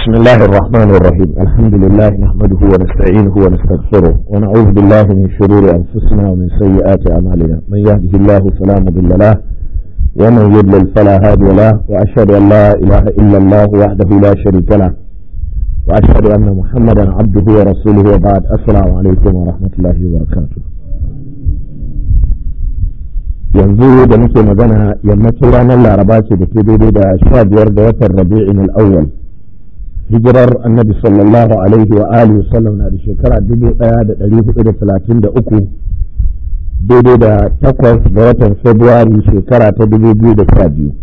بسم الله الرحمن الرحيم الحمد لله نحمده ونستعينه ونستغفره ونعوذ بالله من شرور أنفسنا ومن سيئات أعمالنا من يهده الله فلا مضل له ومن يضلل فلا هادي له وأشهد أن لا إله إلا الله وحده لا شريك له وأشهد أن محمدا عبده ورسوله وبعد السلام عليكم ورحمة الله وبركاته yanzu دمك muke magana الله رباك بكبير دا da ورد وفر ربيع الأول hijirar annabi sallallahu alaihi wa alihi sallam na da shekara dubu daya da dari hudu da talatin da uku daidai da takwas ga watan februari shekara ta dubu biyu da sha biyu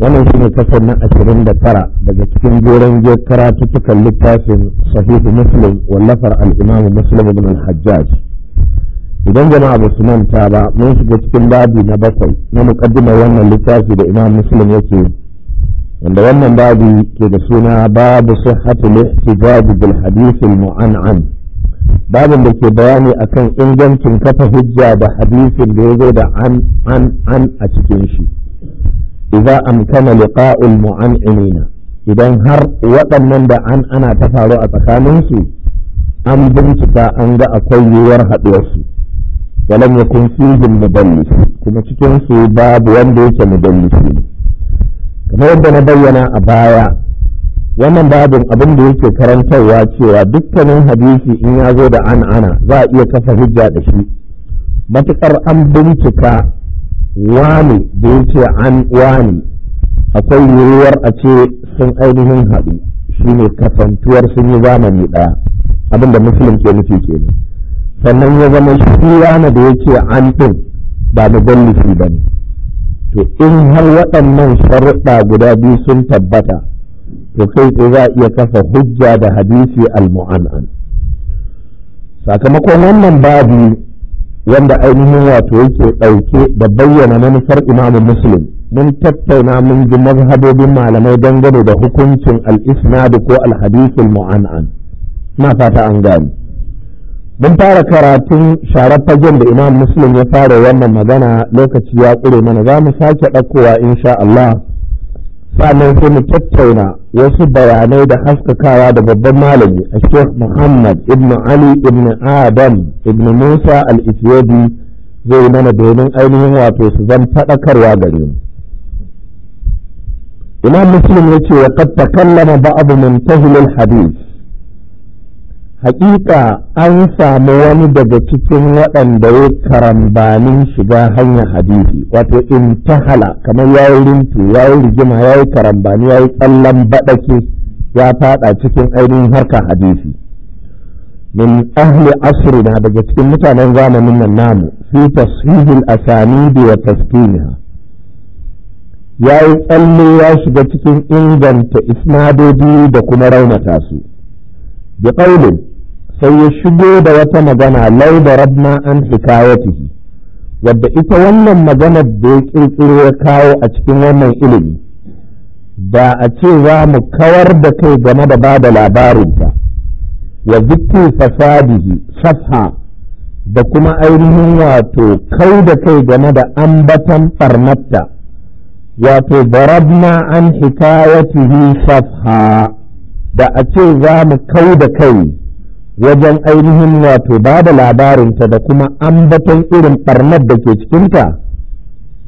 wannan shi ne kasar na ashirin da tara daga cikin goron tutukan littafin sahihu muslim wallafar al'imamu muslim ibn al-hajjaj idan jama'a ba su manta ba mun shiga cikin babi na bakwai na muƙaddimar wannan littafi da imam muslim yake wanda wannan babu ke da suna babu sihhatul ihtijaj bil hadith al mu'an'an babin da ke bayani akan ingancin kafa hujja da hadisin da da an an an a cikin shi idza amkana liqa'ul mu'an'inina idan har waɗannan da an ana ta faru a tsakaninsu an bincika an ga akwai yiwuwar haɗuwarsu walam yakun fihim mudallis kuma cikin su babu wanda yake mudallisi ne kamar yadda na bayyana a baya wannan babin abin da yake karantarwa cewa dukkanin hadisi in ya zo da an ana za a iya kafa hujja da shi matuƙar an bincika wani da ya ce an wani akwai yiwuwar a ce sun ainihin haɗu shi ne kasantuwar sun yi zamani ɗaya abin da musulun ke nufi kenan sannan ya zama shi wani da ya ce an ɗin ba da ba ne to in har waɗannan sharuɗa guda biyu sun tabbata to kai tsaye za a iya kafa hujja da hadisi al sakamakon wannan babu wanda ainihin wato yake ɗauke da bayyana manufar imamu muslim mun tattauna mun ji mazhabobin malamai dangane da hukuncin al-isnad ko al-hadith al-mu'an'an na fata an gani mun fara karatun sharar fagen da imam muslim ya fara wannan magana lokaci ya ƙure mana za mu sake ɗaukowa insha Allah sannan sai mu tattauna wasu bayanai da haskakawa da babban malami a sheikh muhammad ibn ali ibn adam ibn musa al-ethiopi zai yi mana domin ainihin wato su zan faɗakarwa gare mu imam muslim ya ce wa qad takallama ba'd min tahlil hadith hakika an samu wani daga cikin waɗanda ya karambanin shiga hanyar hadisi wato intahala kamar ya yi rintu ya yi rigima ya yi karambani ya yi tsallan baɗake ya faɗa cikin ainihin harkar hadisi min ahli asiri na daga cikin mutanen zamanin nan namu fi tashihil asanidi wa taskiniha ya yi tsalle ya shiga cikin inganta isnadodi da kuma raunata su bi sai ya shigo da wata magana lau da rabna an hikayatihi wadda ita wannan maganar da ya kirkiro ya kawo a cikin wannan ilimi ba a ce za mu kawar da kai game da ba da labarinta wa zikki fasadihi safha da kuma ainihin wato kai da kai game da ambatan farnatta wato barabna an hikayatihi safha da a ce za mu kai da kai wajen ainihin wato ba da labarinta da kuma ambaton irin ɓarnar da ke cikinta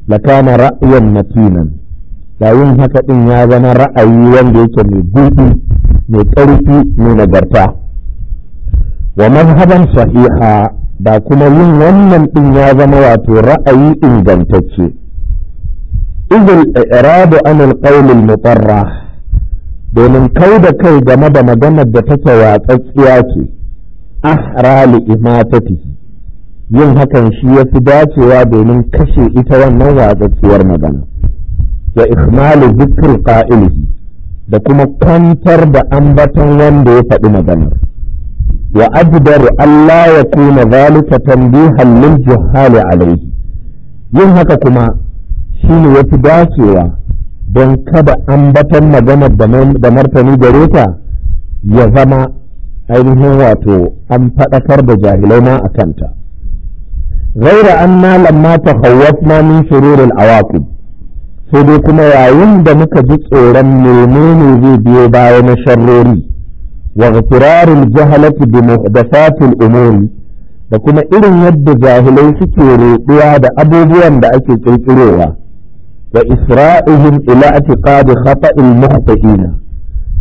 lakana ra'ayin matinan yayin haka ɗin ya zama ra'ayi wanda yake mai buɗi mai ƙarfi mai nagarta wa mazhaban sahiha ba kuma yin wannan ɗin ya zama wato ra'ayi ingantacce izil iradu anil qawlil mutarrah domin kai da kai game da maganar da take watsattsiya ce ahra li yin hakan shi ya fi dacewa domin kashe ita wannan watsatsiyar magana wa ihmalu zikr qa'ilihi da kuma kwantar da ambaton wanda ya faɗi maganar wa ajdar Allah ya kuna zalika tanbihan lil juhali alayhi yin haka kuma shi ne ya fi dacewa don kada ambaton magana da martani gare ta ya zama ainihin wato an faɗakar da jahilai ma a kanta ghaira anna lamma tahawwafna min shururil awaqib sai dai kuma yayin da muka ji tsoron menene zai biyo baya na sharrori wa ghfirarul jahalati bi muhdathatil umuri da kuma irin yadda jahilai suke roɗuwa da abubuwan da ake kirkirowa wa isra'ihim ila atiqadi khata'il muhtaina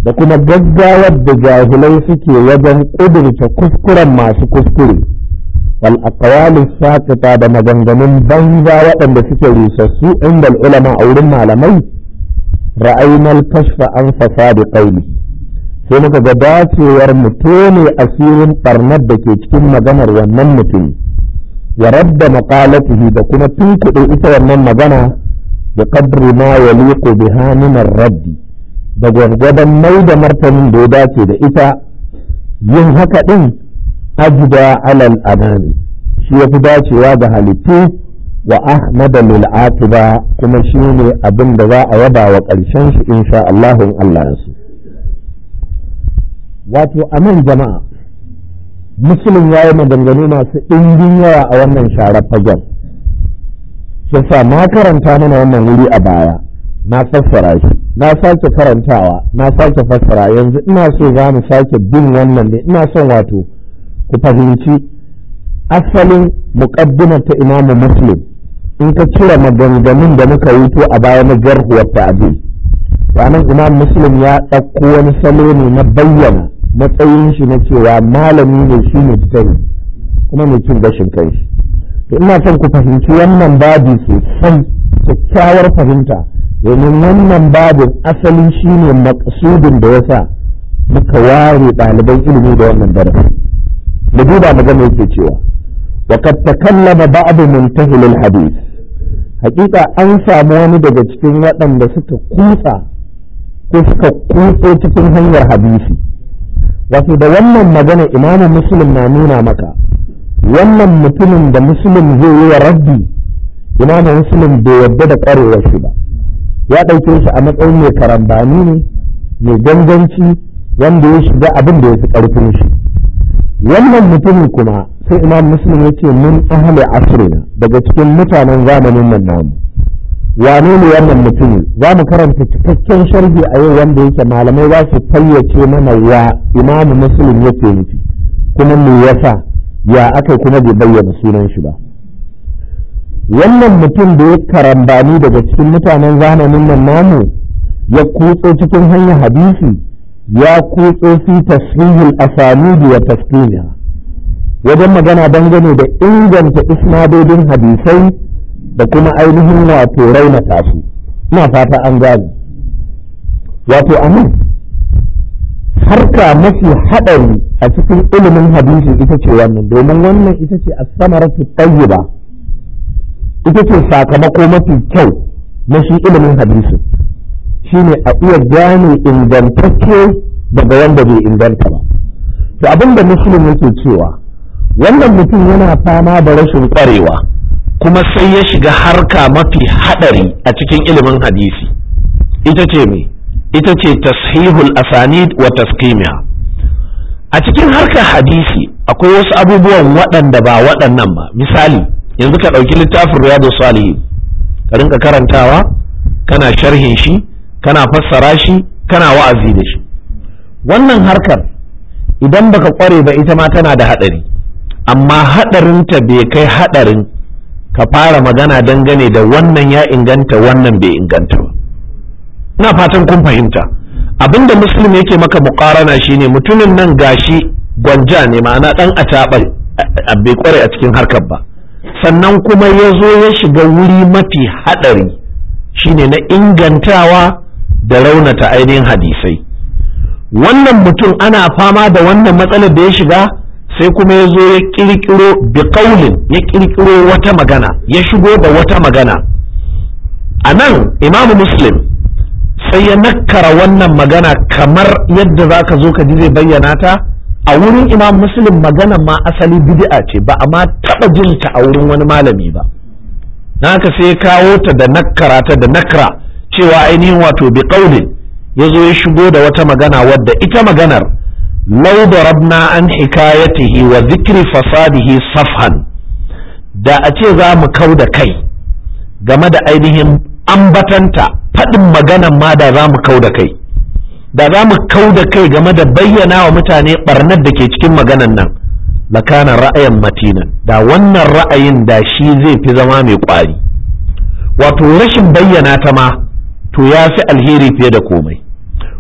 da kuma gaggawar da jahilai suke wajen ƙudurce kuskuren masu kuskure wal aqwalu saqita da maganganun banza waɗanda suke risassu inda ulama a wurin malamai ra'aynal kashfa an fasadi qawli sai muka ga dacewar mutune asirin barnar da ke cikin maganar wannan mutum ya radda maqalatihi da kuma tunkuɗe ita wannan magana da qadri ma yaliqu biha min raddi da gwargwadon mai da martanin da ya dace da ita yin haka ɗin ajida alal adami shi ya fi dacewa ga halittu wa ahmada lil ba kuma shi ne abin da za a yaba wa ƙarshen shi insha Allah in wato a nan jama'a musulun ya yi maganganu masu ɗimbin yawa a wannan sharar fagen sun sa ma karanta mana wannan wuri a baya na fassara shi na sake farantawa na sake fassara yanzu ina so za mu sake bin wannan ne ina son wato ku fahimci asalin muqaddimar ta imamu muslim in ka cire maganganun da muka yi to a baya na jarhuwar abin ranar imam muslim ya ɗauko wani salo ne na bayyana matsayin shi na cewa malami ne shi ne sani kuma mai cin gashin kai to ina son ku fahimci wannan babi sosai kyakkyawar fahimta domin wannan babin asali shine maƙasudin da sa muka ware ɗaliban ilimi da wannan darasi da duba magana yake cewa wa kad takallama ba'd muntahil hadith hakika an samu wani daga cikin waɗanda suka kusa ko suka cikin hanyar hadisi wato da wannan magana imamu muslim na nuna maka wannan mutumin da muslim zai yi wa rabbi imamu muslim bai yarda da ƙwarewar shi ba ya ɗauke shi a matsayin mai karambani ne mai ganganci wanda ya shiga abin da ya fi ƙarfin shi wannan mutumin kuma sai imam muslim ya ce mun ahli daga cikin mutanen zamanin nan namu wane ne wannan mutumin za mu karanta cikakken sharhi a yau wanda yake malamai za su fayyace mana wa imam muslim yake nufi kuma me yasa ya aka kuma bai bayyana sunan shi ba wannan mutum da ya karambani daga cikin mutanen zamanin nan namu ya kutso cikin hanyar hadisi ya kutso fi tasrihul asanidi wa tasdiqa wajen magana dangane da inganta isnadodin hadisai da kuma ainihin wato raina tasu ina fata an gane wato anan harka mafi haɗari a cikin ilimin hadisi ita ce wannan domin wannan ita ce samar samaratu tayyiba ita ce sakamako mafi kyau na shi ilimin hadisi shine a iya gane ingantacce daga wanda bai inganta ba da abin da muslim yake cewa wannan mutum yana fama da rashin kwarewa kuma sai ya shiga harka mafi hadari a cikin ilimin hadisi ita ce me ita ce tashihul asanid wa taskimiya a cikin harkar hadisi akwai wasu abubuwan waɗanda ba waɗannan ba misali yanzu ka ɗauki littafin riyadu salihin ka rinka karantawa kana sharhin shi kana fassara shi kana wa'azi da shi wannan harkar idan baka kware ba ita ma tana da haɗari amma haɗarin ta bai kai haɗarin ka fara magana dangane da wannan ya inganta wannan bai inganta ba ina fatan kun fahimta abinda muslim yake maka mukarana shine mutumin nan gashi gwanja ne ma'ana dan a bai kware a cikin harkar ba sannan kuma ya zo ya shiga wuri mafi haɗari shine na ingantawa da raunata ainihin hadisai wannan mutum ana fama da wannan matsalar da ya shiga sai kuma ya zo ya kirkiro biƙaulin ya kirkiro wata magana ya shigo da wata magana a nan imamu muslim sai ya nakkara wannan magana kamar yadda za ka zo ka ji zai bayyana ta a wurin imam muslim magana ma asali bid'a ce ba amma taba jin ta a wurin wani malami ba na ka sai kawo ta da nakara ta da nakra cewa ainihin wato bi qaulin yazo ya shigo da wata magana wadda ita maganar law darabna an hikayatihi wa dhikri fasadihi safhan da a ce za mu kau da kai game da ainihin ambatanta faɗin maganar ma da za mu kau da kai da za mu kau da kai game da bayyana wa mutane ɓarnar da ke cikin maganan nan lakana ra'ayin matinan da wannan ra'ayin da shi zai fi zama mai ƙwari wato rashin bayyana ta ma to ya fi alheri fiye da komai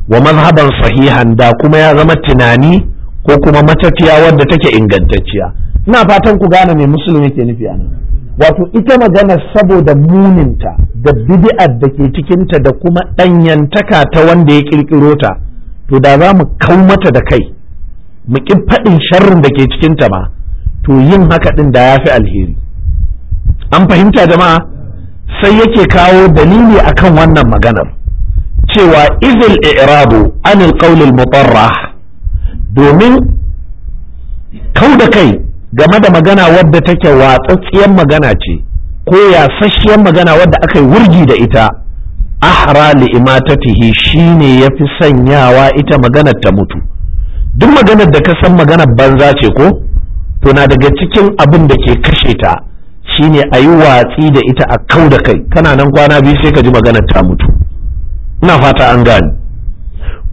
wa mazhaban sahihan da kuma ya zama tunani ko kuma matafiya wadda take ingantacciya ina fatan ku gane mai musulmi ke nufi nan wato ita magana saboda muninta da bid'ar da ke cikinta da kuma ɗanyantaka ta wanda ya ƙirƙiro ta to da za mu kau mata da kai mu ƙi faɗin sharrin da ke cikinta ma to yin haka ɗin da ya fi alheri an fahimta jama'a sai yake kawo dalili akan wannan maganar cewa izil i'rabu anil qawlil mutarrah domin kau da kai game da magana wadda take watsatsiyar magana ce ko yasasshiyar magana wadda aka yi wurgi da ita ahra li'imatatihi shine yafi sanyawa ita maganar ta mutu duk maganar da ka san maganar banza ce ko to na daga cikin abin da ke kashe ta shine a yi watsi da ita a kau da kai kana nan kwana biyu sai ka ji maganar ta mutu ina fata an gani.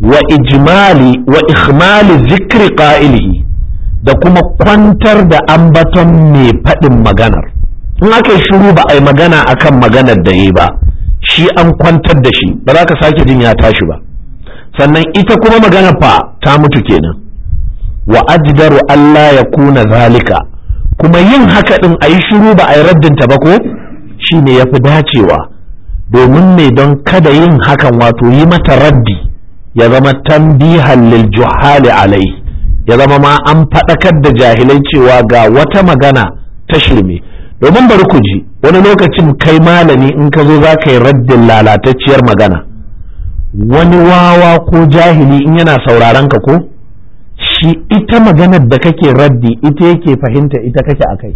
wa ijmali wa ikhmali zikri qa'ilihi da kuma kwantar da ambaton mai faɗin maganar in aka yi shiru ba a yi magana akan maganar da yi ba shi an kwantar da shi ba za ka sake jin ya tashi ba sannan ita kuma magana fa ta mutu kenan wa ajdaru Allah ya kuna zalika kuma yin haka din a yi shiru ba a yi raddinta ba ko shi ne ya fi dacewa domin ne don kada yin hakan wato yi mata raddi ya zama tambihan lil juhali alai ya zama ma an faɗakar da jahilai cewa ga wata magana ta shirme domin bari ku ji wani lokacin kai malami in ka zo za ka yi raddin lalatacciyar magana wani wawa ko jahili in yana sauraron ka ko shi ita maganar da kake raddi ita yake fahimta ita kake akai?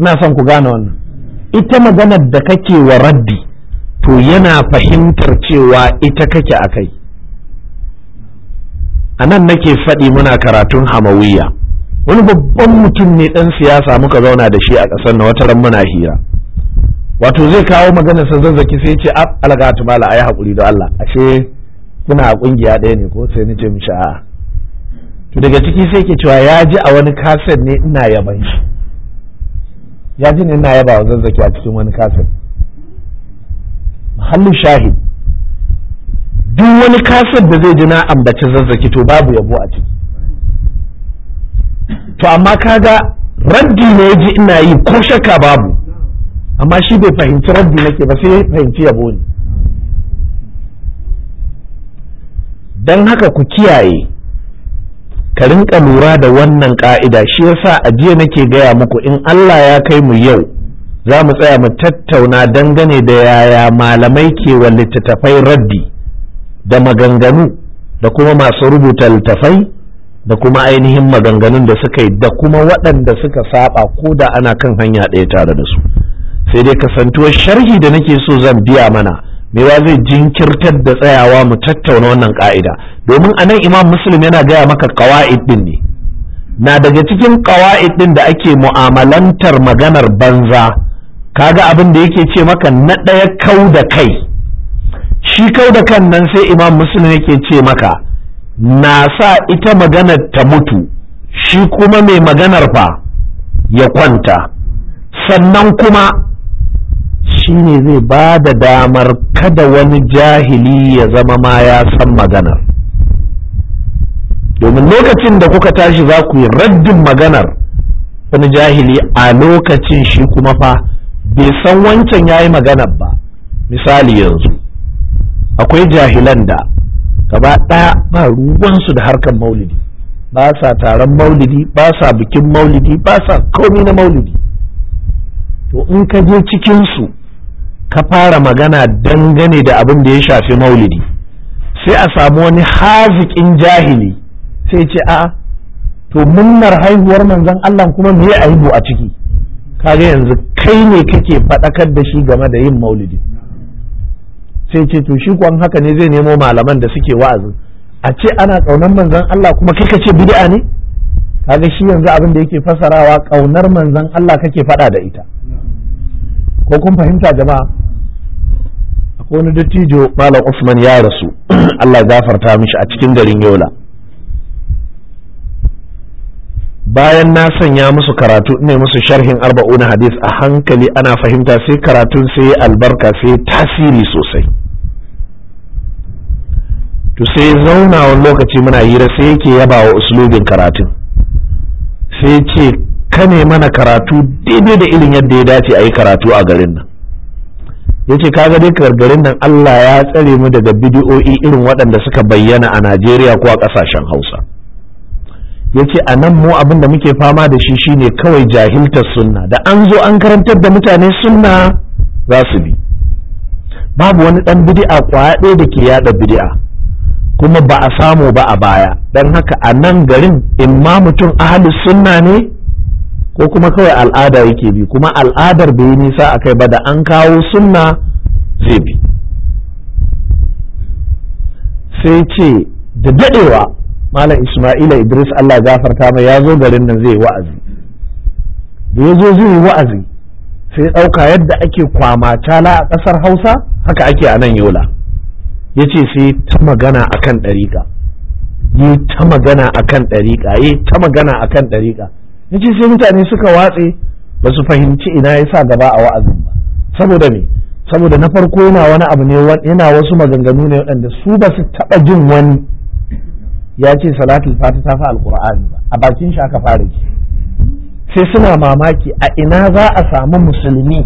ina son ku gane wannan ita maganar da kake wa raddi to yana fahimtar cewa ita kake akai. a nan nake faɗi muna karatun hamawiyya wani babban mutum ne ɗan siyasa muka zauna da shi a ƙasar na wataran muna hira wato zai kawo maganar sa zazzaki sai ce ab algatu ayi hakuri da Allah ashe kuna a kungiya ɗaya ne ko sai ni ce mishi to daga ciki sai ke cewa ya ji a wani kaset ne ina yaban shi ya ji ne ina yaba wa zazzaki a cikin wani kaset mahallin shahid duk wani kasar da zai ji na ambaci zazzaki to babu yabo a ciki to amma kaga raddi ne ya ji ina yi ko shakka babu amma shi bai fahimci raddi nake ba sai fahimci yabo ne don haka ku kiyaye ka rinka lura da wannan ka'ida shi yasa a jiya nake gaya muku in Allah ya kai mu yau za mu tsaya mu tattauna dangane da yaya malamai ke wa littattafai raddi da maganganu da kuma masu rubuta littafai da kuma ainihin maganganun da suka yi da kuma waɗanda suka saba ko da ana kan hanya ɗaya tare da su sai dai kasantuwar sharhi da nake so zan biya mana mewa zai jinkirtar da tsayawa mu tattauna wannan ka'ida domin a nan imam muslim yana gaya maka ƙawa'id ɗin ne na daga cikin ƙawa'id ɗin da ake mu'amalantar maganar banza kaga abin da yake ce maka na ɗaya kau da kai shi kau da kan nan sai imam muslim yake ce maka na sa ita maganar ta mutu shi kuma mai maganar fa ya kwanta sannan kuma shi ne zai ba da damar kada wani jahili ya zama ma ya san maganar domin lokacin da kuka tashi za ku yi raddin maganar wani jahili a lokacin shi kuma fa bai san wancan ya yi maganar ba misali yanzu akwai jahilan da gaba ɗaya ba ruwansu da harkar maulidi ba sa taron maulidi ba sa bikin maulidi ba sa komi na maulidi to in ka je cikinsu ka fara magana dangane da abin da ya shafi maulidi sai a samu wani haziƙin jahili sai ce a to munnar haihuwar manzon Allah kuma me ya aibu a ciki kaga yanzu kai ne kake faɗakar da shi game da yin maulidi sai ce to shi kwan haka ne zai nemo malaman da suke wa'azi a ce ana ƙaunar manzan Allah kuma kai ka ce bid'a ne kaga shi yanzu abin da yake fasarawa ƙaunar manzan Allah kake faɗa da ita ko kun fahimta jama'a akwai wani dattijo malam Usman ya rasu Allah ya gafarta mishi a cikin garin Yola bayan na sanya musu karatu ne musu sharhin arba'una hadis a hankali ana fahimta sai karatun sai albarka sai tasiri sosai to sai zauna lokaci muna hira sai yake yaba wa uslubin karatun sai ce ka ne mana karatu daidai da irin yadda ya dace a yi karatu a garin nan ya ce kaga dai garin nan Allah ya tsare mu daga bidiyo'i irin waɗanda suka bayyana a Najeriya ko a ƙasashen Hausa ya ce a nan mu abin da muke fama da shi shine kawai jahiltar sunna da an zo an karantar da mutane sunna za su bi babu wani ɗan bidi'a kwaɗe ɗaya da ke yaɗa bidi'a kuma ba a samu ba a baya don haka a nan garin in ma mutum ahli sunna ne ko kuma kawai al'ada yake bi kuma al'adar bai yi nisa a kai ba da an kawo sunna zai bi sai ce da daɗewa malam ismaila idris allah gafarta mai ya zo garin nan zai wa'azi da ya zo zai wa'azi sai ɗauka yadda ake kwamacala a ƙasar hausa haka ake a nan yola ya ce sai ta magana a kan ɗariƙa yi ta magana a kan ɗariƙa yi ta magana a kan ɗariƙa ya ce sai mutane suka watse ba su fahimci ina ya sa gaba a wa'azin ba saboda me saboda na farko yana wani abu ne yana wasu maganganu ne waɗanda su ba su taɓa jin wani ya ce salatul fata ta fi alƙur'ani ba a bakin shi aka fara ji sai suna mamaki a ina za a samu musulmi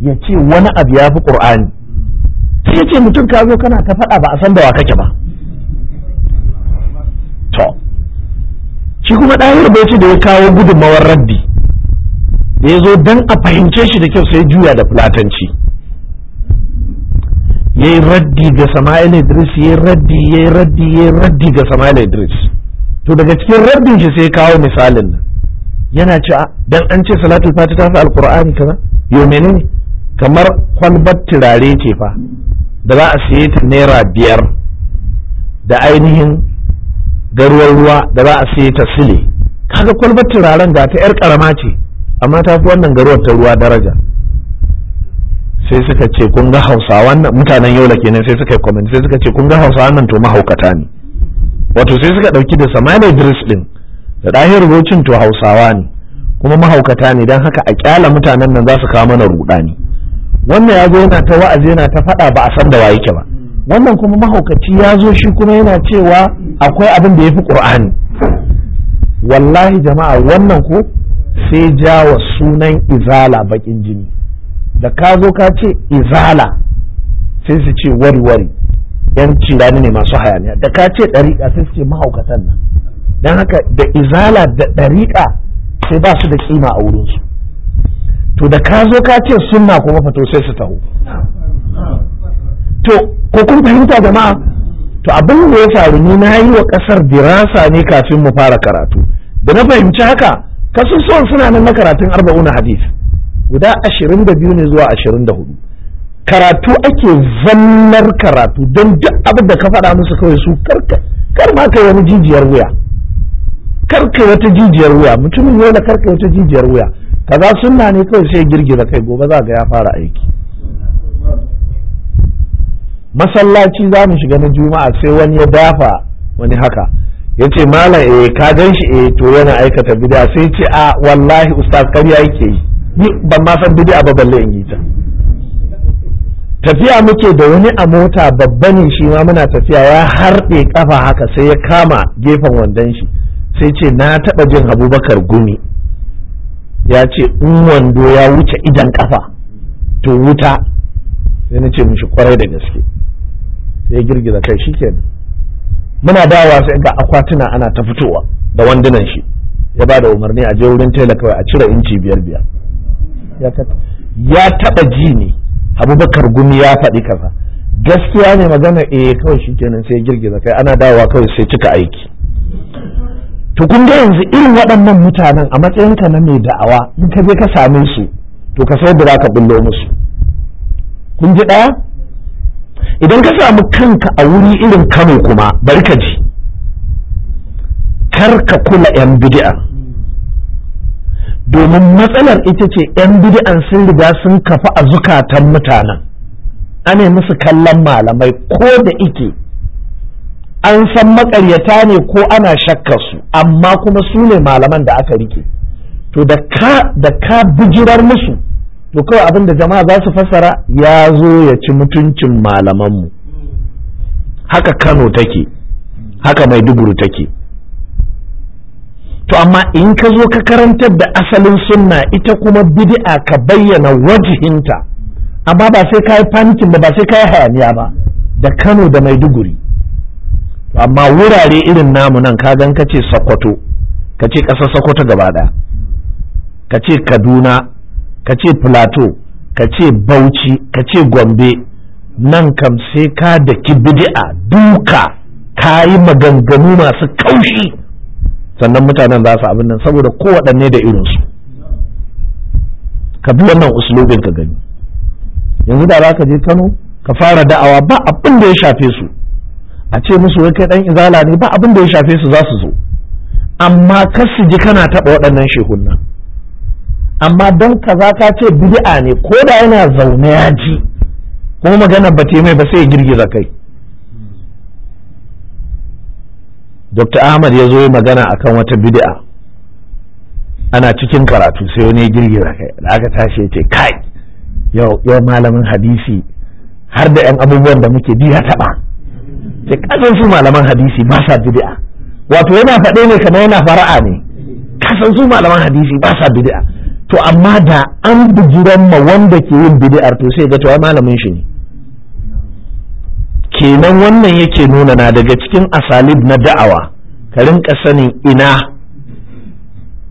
ya ce wani abu ya fi ƙur'ani sai ce mutum ka zo kana ta faɗa ba a san da wa kake ba to shi kuma ɗahir bauchi da ya kawo gudunmawar raddi da ya zo don a fahimce shi da kyau sai juya da fulatanci ya yi raddi ga sama'il idris ya yi raddi ya yi raddi ya yi raddi ga sama'il idris to daga cikin raddin shi sai kawo misalin nan yana ce dan an ce salatul fati ta fi alqur'ani kaza yo menene kamar kwalbar turare ce fa da za a siye ta naira biyar da ainihin garuwar ruwa da za a siye ta sile kaga kwalbar turaren ga ta yar karama ce amma ta fi wannan garuwar ta ruwa daraja sai suka ce kun ga hausawa nan mutanen yola kenan sai suka yi comment sai suka ce kun ga hausawa nan to mahaukata ne wato sai suka dauki da samani dris din da ɗahir rocin to hausawa ne kuma mahaukata ne don haka a kyala mutanen nan za su kawo mana rudani wannan ya zo yana ta wa'azi yana ta faɗa ba a san da waye ke ba wannan kuma mahaukaci ya zo shi kuma yana cewa akwai abin da ya fi ƙur'ani wallahi jama'a wannan ko sai jawa sunan izala baƙin jini da ka zo ka ce izala sai su ce wari wari yan cirani ne masu hayaniya da ka ce ɗariƙa sai su ce mahaukatan nan don haka da izala da ɗariƙa sai ba su da kima a wurinsu to da ka zo ka ce sunna kuma fito sai su taho to ko kun fahimta jama'a to abin da ya faru ni na yi wa kasar dirasa ne kafin mu fara karatu da na fahimci haka kasusuwan suna nan na karatun na hadith guda ashirin da biyu ne zuwa ashirin da hudu karatu ake zannar karatu don duk abin da ka faɗa musu kawai su kar ma kai wani jijiyar wuya karka wata jijiyar wuya mutumin yau da karka wata jijiyar wuya kaza sunna ne kawai sai girgiza kai gobe za ga ya fara aiki masallaci za mu shiga na juma'a sai wani ya dafa wani haka ya ce malam eh ka gan shi eh to yana aikata bid'a sai ce a wallahi ustaz kariya yake yi ni ban ma san bid'a ba balle in yi ta tafiya muke da wani a mota babba ne shi ma muna tafiya ya harɗe kafa haka sai ya kama gefen wandon shi sai ce na taɓa jin abubakar gumi ya ce in wando ya wuce idan kafa to wuta sai na ce mishi kwarai da gaske sai ya girgiza kai shi kenan muna dawa sai ga akwatuna ana ta fitowa da wandunan shi ya ba da umarni a je wurin tela kawai a cire inci biyar biyar ya taba ji ne abubakar gumi ya faɗi kaza gaskiya ne magana eh kawai shi kenan sai girgiza kai ana dawa kawai sai cika aiki to kun ga yanzu irin waɗannan mutanen a matsayinka na mai da'awa in ka je ka same su to ka sai da za ka bullo musu kun ji ɗaya idan ka samu kanka a wuri irin kano kuma bari ka ji kar ka kula 'yan bidi'a domin matsalar ita ce 'yan bidi'an sun riga sun kafa a zukatan mutanen ane musu kallon malamai ko da ike an san makaryata ne ko ana shakkar su amma kuma su ne malaman da aka rike to da ka da ka bijirar musu to kawai abin da jama'a za su fassara ya zo ya ci mutuncin malamanmu haka kano take haka maiduguri take to amma in ka zo ka karantar da asalin sunna ita kuma bid'a ka bayyana wajihinta amma ba sai ka yi fanikin ba ba sai ka yi hayaniya ba da kano da maiduguri amma wurare irin namu nan ka gan kace sokoto ka ce ƙasar sokoto gaba ɗaya ka ce kaduna ka ce plateau ka ce bauchi ka ce gombe nan kam sai ka da bid'a duka ka yi maganganu masu kaushi sannan mutanen za su abin nan saboda kowaɗanne da irinsu ka bi wannan uslubin ka gani yanzu da za ka je kano ka fara da'awa ba abin da ya shafe su a ce musu wai kai dan izala ne ba abin da ya shafe su za su zo amma kar su ji kana taɓa waɗannan shehun amma don ka, za ka ce bid'a ne ko da yana zaune ya ji kuma magana ba ta mai ba sai ya girgiza kai Dr. Ahmad ya zo yi magana kan wata bid'a ana cikin karatu sai wani ya girgiza kai da aka tashi ya ce kai yau malamin hadisi har da 'yan abubuwan da muke biya taɓa ce kasan su malaman hadisi ba sa bid'a wato yana faɗe ne kamar yana fara'a ne kasan su malaman hadisi ba sa bid'a to amma da an bijiran ma wanda ke yin bid'ar to sai ga to malamin shi ne kenan wannan yake nuna na daga cikin asalib na da'awa ka rinka sanin ina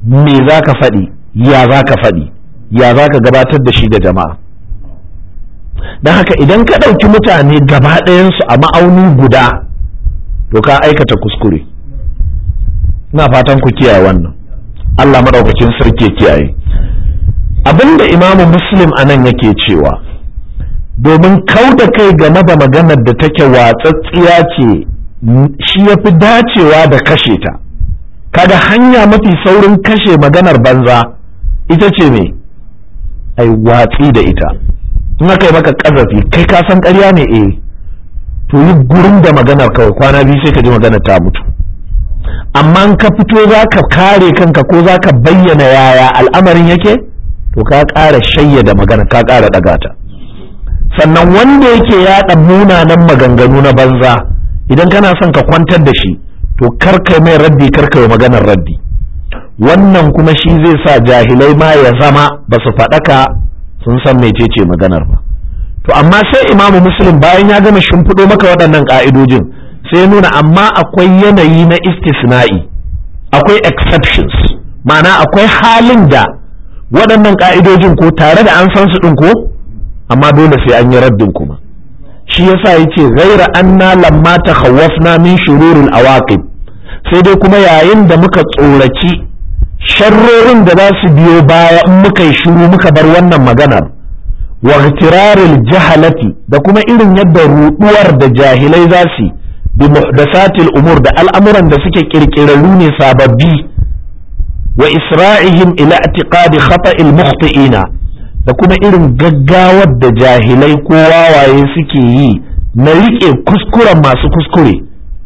me za ka faɗi ya za ka faɗi ya za ka gabatar da shi ga jama'a don haka idan ka ɗauki mutane gaba ɗayansu a ma'auni guda to ka aikata kuskure ina fatan ku kiyaye wannan Allah maɗaukacin sarki kiyaye abinda imamu muslim a nan yake cewa domin kau da kai game da maganar da take watsattsiya ce shi ya fi dacewa da kashe ta kaga hanya mafi saurin kashe maganar banza ita ce me ai watsi da ita in aka yi maka kazafi kai ka san ƙarya ne eh to yi gurin da maganar kawai kwana biyu sai ka ji maganar ta mutu amma in ka fito za ka kare kanka ko za ka bayyana yaya al'amarin yake to ka ƙara shayyada magana ka ƙara ɗaga ta sannan wanda yake yaɗa munanan maganganu na banza idan kana son ka kwantar da shi to karkai mai raddi kai maganar raddi wannan kuma shi zai sa jahilai ma ya zama ba su faɗaka sun san mecece maganar ba to amma sai imamu muslim bayan ya gama shimfiɗo maka waɗannan ƙa'idojin sai nuna amma akwai yanayi na istisna'i akwai exceptions ma'ana akwai halin da waɗannan ƙa'idojin ko tare da an san su ɗin ko amma dole sai an yi raddin kuma shi yasa yace ghaira anna lamma takhawwafna min shururil awaqib sai dai kuma yayin da muka tsoraci sharrorin da za su biyo baya in muka yi shiru muka bar wannan maganar wa jahalati da kuma irin yadda ruɗuwar da jahilai za su da satil umur da al'amuran da suke ƙirƙirarru ne sababbi wa isra'ihim ila i'tiqadi khata'il mukhti'ina da kuma irin gaggawar da jahilai ko wawaye suke yi na rike kuskuren masu kuskure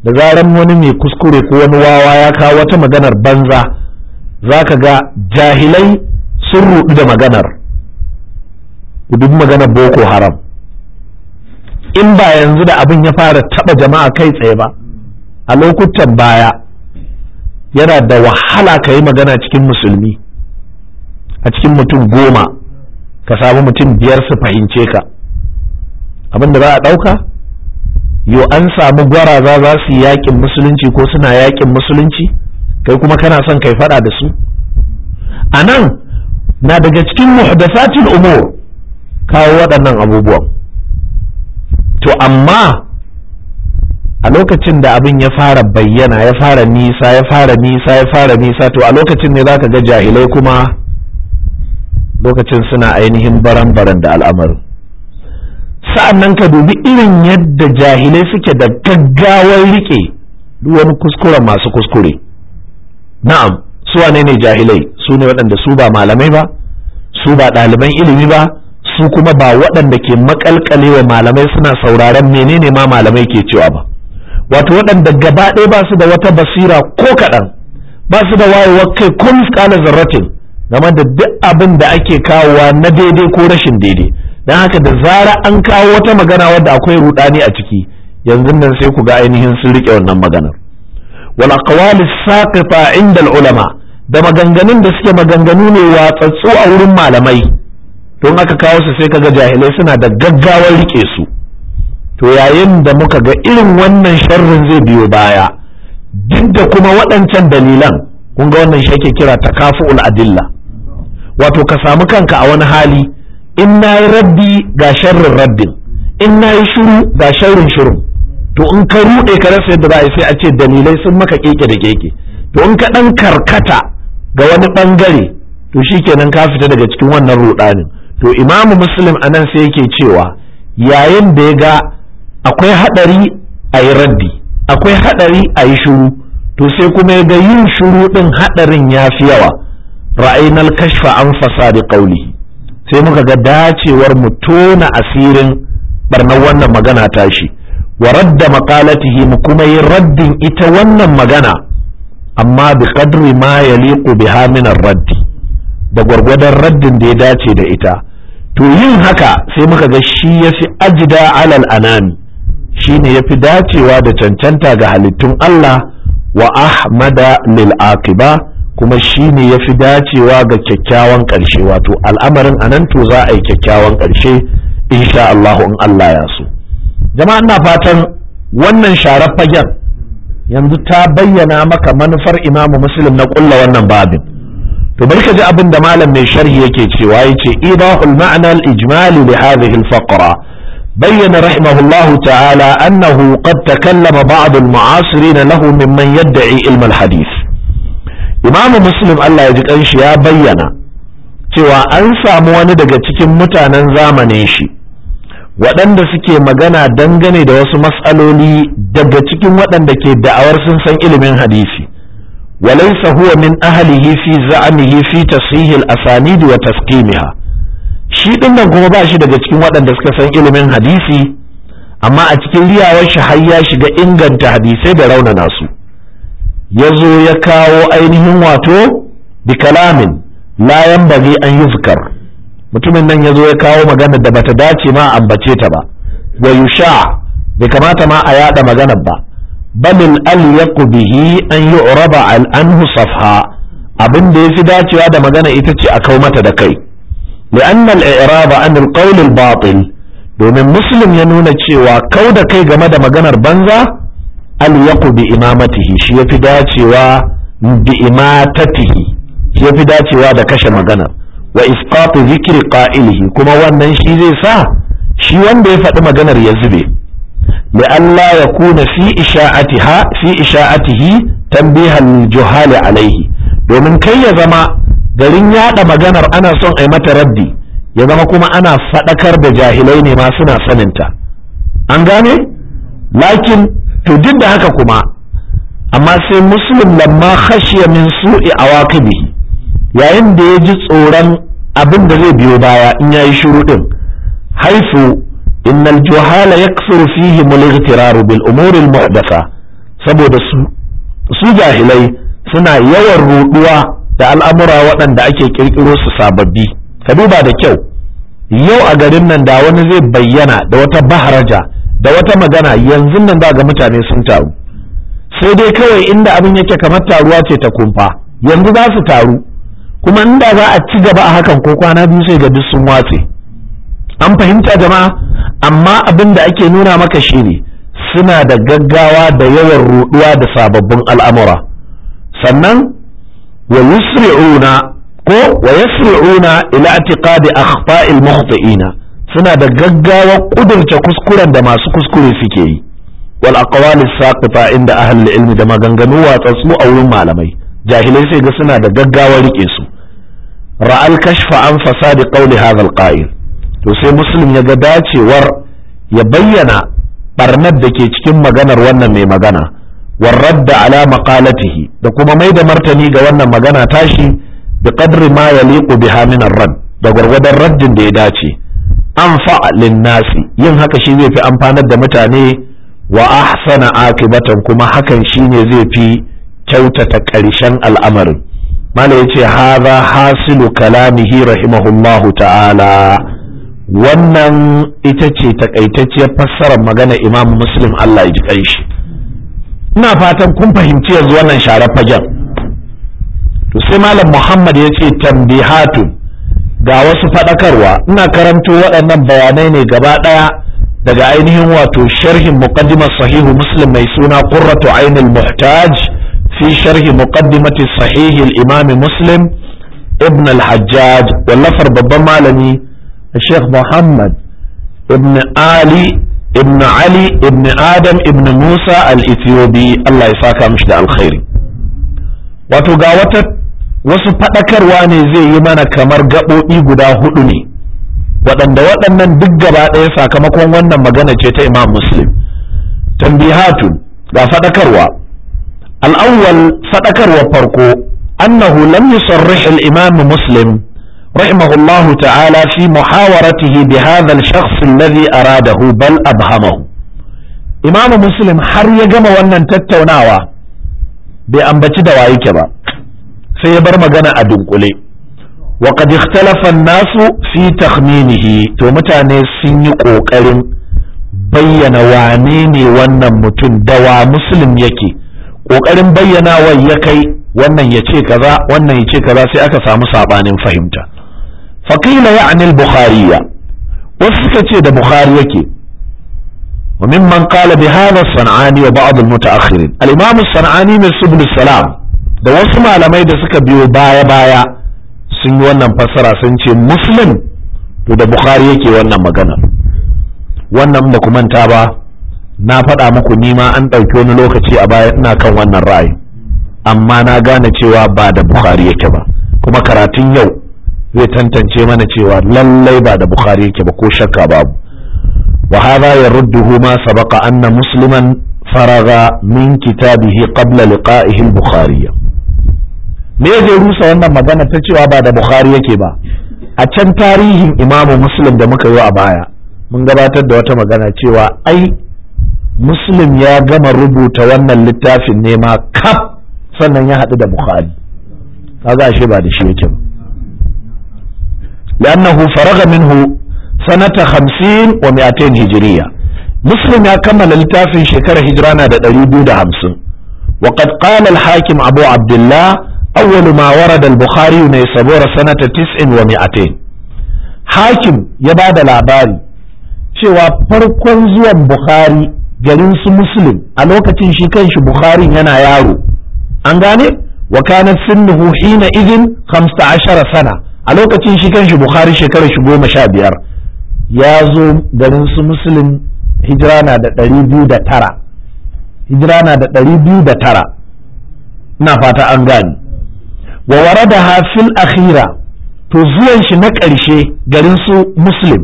da zaran wani mai kuskure ko wani wawa ya kawo wata maganar banza za ka ga jahilai sun rudu da maganar duk maganar boko haram in ba yanzu da abin ya fara taba jama'a kai tsaye ba a lokutan baya yana da wahala ka yi magana cikin musulmi a cikin mutum goma ka samu mutum biyar su fahimce ka abin da za a ɗauka yo an samu gwaraza za su yi yakin musulunci ko suna yakin musulunci kai kuma kana son kai fada da su a nan na daga cikin muhdathatul umur kawo waɗannan abubuwan to amma a lokacin da abin ya fara bayyana ya fara nisa ya fara nisa ya fara nisa to a lokacin ne zaka ga jahilai kuma lokacin suna ainihin baran-baran da al'amaru. sa'an nan ka dubi irin yadda jahilai suke da gaggawar rike wani kuskure masu kuskure na'am su wane ne jahilai su ne waɗanda su ba malamai ba su ba ɗaliban ilimi ba su kuma ba waɗanda ke makalkalewa malamai suna sauraron menene ma malamai ke cewa ba wato waɗanda gaba ɗaya ba su da wata basira ko kaɗan ba su da wayewar kai ko miskalar zarratin game da duk abin da ake kawowa na daidai ko rashin daidai don haka da zara an kawo wata magana wadda akwai rudani a ciki yanzu nan sai ku ga ainihin sun riƙe wannan maganar wal aqwalis saqita inda al ulama da maganganun da suke maganganu ne watsatsu a wurin malamai don aka kawo su sai kaga jahilai suna da gaggawar rike su to yayin da muka ga irin wannan sharrin zai biyo baya duk da kuma waɗancan dalilan kun ga wannan shi ake kira takafu'ul adilla wato ka samu kanka a wani hali in nayi rabbi ga sharrin rabbin, in nayi shuru ga sharrin shuru. to in ka rude ka rasa yadda za a yi sai a ce dalilai sun maka keke da keke to in ka ɗan karkata ga wani ɓangare to shikenan ka fita daga cikin wannan rudanin to imamu muslim anan sai yake cewa yayin da ya ga akwai haɗari a yi raddi akwai haɗari a yi shuru to sai kuma ya ga yin shuru ɗin haɗarin ya fi yawa ra'ainal kashfa an da ƙauli sai muka ga dacewar mu tona asirin barnar wannan magana tashi wa radda mu kuma yi raddin ita wannan magana amma bi qadri ma yaliqu biha min raddi da gwargwadon raddin da ya dace da ita to yin haka sai muka ga shi yafi ajda alal anami shine yafi dacewa da cancanta ga halittun Allah wa ahmada lil aqiba kuma shine yafi dacewa ga kyakkyawan ƙarshe wato al'amarin anan to za a yi kyakkyawan ƙarshe insha Allah in Allah ya so jama'a ina fatan wannan sharar fagen yanzu ta bayyana maka manufar imamu muslim na kulla wannan babin to bari ka ji abin da malam mai sharhi yake cewa yace idahul ma'na al ijmali li hadhihi al faqra bayyana rahimahullahu ta'ala annahu qad takallama ba'd al mu'asirin lahu mimman yad'i ilm al hadith imamu muslim Allah ya ji kanshi ya bayyana cewa an samu wani daga cikin mutanen zamanin shi waɗanda suke magana dangane da wasu matsaloli daga cikin waɗanda ke da'awar sun san ilimin hadisi walaysa huwa min ahlihi fi za'amihi fi tasihil asanid wa tasqimiha shi dinnan kuma ba shi daga cikin waɗanda suka san ilimin hadisi amma a cikin riyawar shi har ya shiga inganta hadisai da rauna nasu ya zo ya kawo ainihin wato bi kalamin la yanbaghi an yuzkar mutumin nan ya zo ya kawo maganar da bata dace ma ambace ta ba wa yusha bai kamata ma a yada maganar ba balil al bihi an yu'raba al anhu safha abin da yafi dacewa da magana ita ce a kau mata da kai li'anna al-i'raba an al-qawl al-batil domin muslim ya nuna cewa kau da kai game da maganar banza al yaqu imamatihi shi yafi dacewa bi imatatihi shi yafi dacewa da kashe maganar wa isqatu zikri qa'ilihi kuma wannan shi zai sa shi wanda ya faɗi maganar ya zube li ya kuna fi isha'atiha fi isha'atihi tanbihan juhali alaihi domin kai ya zama garin yaɗa maganar ana son ai mata raddi ya zama kuma ana faɗakar da jahilai ne ma suna saninta an gane lakin to duk da haka kuma amma sai muslim lamma khashiya min su'i awaqibihi yayin da ya ji tsoron abin da zai biyo baya in ya yi shiru ɗin haifu aljuhala ya yakthuru fihi al bil umuri al saboda su jahilai suna yawan ruɗuwa da al'amura waɗanda ake ƙirƙiro su sababbi ka duba da kyau yau a garin nan da wani zai bayyana da wata baharaja da wata magana yanzu nan za ga mutane sun taru sai dai kawai inda abin yake kamar taruwa ce ta kumfa yanzu za su taru kuma inda za a ci gaba a hakan ko kwana biyu sai ga duk sun watse an fahimta jama'a amma abin da ake nuna maka shine suna da gaggawa da yawan ruɗuwa da sababbin al'amura sannan wa yusri'una ko wa yasri'una ila i'tiqadi akhta'il mukhti'ina suna da gaggawa kudurce kuskuren da masu kuskure suke yi wal aqwalis saqita inda ahli ilmi da maganganu watsatsu a wurin malamai jahilai sai ga suna da gaggawa rike su ra'al kashfa an fasadi qawli hadha alqa'il to sai muslim ya ga dacewar ya bayyana barnar da ke cikin maganar wannan mai magana warradda ala maqalatihi da kuma mai da martani ga wannan magana tashi bi qadri ma yaliqu biha min ar-radd da gwargwadon raddin da ya dace an fa'alin nasi yin haka shi zai fi amfanar da mutane wa ahsana akibatan kuma hakan shine zai fi kyautata ƙarshen al'amarin mala yace hadha hasilu kalamihi rahimahullahu ta'ala wannan ita ce takaitacciyar fassarar magana imam muslim Allah ya ji kanshi ina fatan kun fahimci yanzu wannan sharar fagen. to sai malam muhammad ya ce tambihatun ga wasu faɗakarwa ina karanto waɗannan bayanai ne gaba ɗaya daga ainihin wato sharhin muqaddimar sahihu muslim mai suna qurratu ainul muhtaj fi sharhi muqaddimati sahih imami imam muslim ibn al wallafar babban malami Sheikh Muhammad ibn Ali ibn Adam ibn Musa al-Ethiopi Allah ya wato ga faɗakarwa ne zai yi mana kamar gaɓoɓi guda hudu ne waɗanda waɗannan duk gaba ɗaya sakamakon wannan magana ce ta imam muslim tambihatu ga faɗakarwa al'awwal wa farko annahu lam yusarrih al-imam muslim rahimahullahu ta'ala fi muhawaratihi bi hadha al-shakhs alladhi aradahu bal abhamahu imam muslim har ya gama wannan tattaunawa bai ambaci da waye ke ba sai ya bar magana a dunkule wa qad ikhtalafa an-nasu fi takhminihi to mutane sun yi ƙoƙarin bayyana wane ne wannan mutum da wa muslim yake ƙoƙarin bayyanawa ya kai wannan ya ce kaza wannan ya ce kaza sai aka samu saɓanin fahimta Fakila ya anil bukhariya wasu suka ce da bukhari yake وممن قال بهذا الصنعاني وبعض المتأخرين الإمام الصنعاني من سبل salam da wasu malamai da suka biyo baya-baya sun yi wannan fassara sun ce muslim to da bukhari yake wannan magana wannan ba ku manta ba na faɗa muku nima an ɗauki wani lokaci a baya ina kan wannan ra'ayi amma na gane cewa ba da bukhari yake ba kuma karatun yau zai tantance mana cewa lallai ba da bukhari yake ba ko shakka babu wa ya yarudduhu ma sabaka anna musliman faraga min kitabihi qabla liqa'ihi al-bukhari me zai rusa wannan magana ta cewa ba da bukhari yake ba a can tarihin imamu muslim da muka yi a baya mun gabatar da wata magana cewa ai muslim ya gama rubuta wannan littafin nema kaf sannan ya haɗu da bukhari kaga shi ba da shi yake ba لأنه فرغ منه sanata hamsin wa mi'atain hijiriya muslim ya kammala littafin shekarar hijira na da ɗari biyu da hamsin wa qad qala al-hakim abu abdullah awwalu ma warada al-bukhari ne sabora sanata tis'in wa mi'atain hakim ya ba da labari cewa farkon zuwan bukhari garin su muslim a lokacin shi kanshi bukharin yana yaro an gane wa kana sinnuhu hina idin 15 sana a lokacin shi kanshi bukhari shekarar shi goma sha biyar ya zo garin su muslim hijira na da ɗari biyu da tara hijira na da ɗari biyu fata an gane. wa warada hafil akhira to zuwan shi na ƙarshe garin su muslim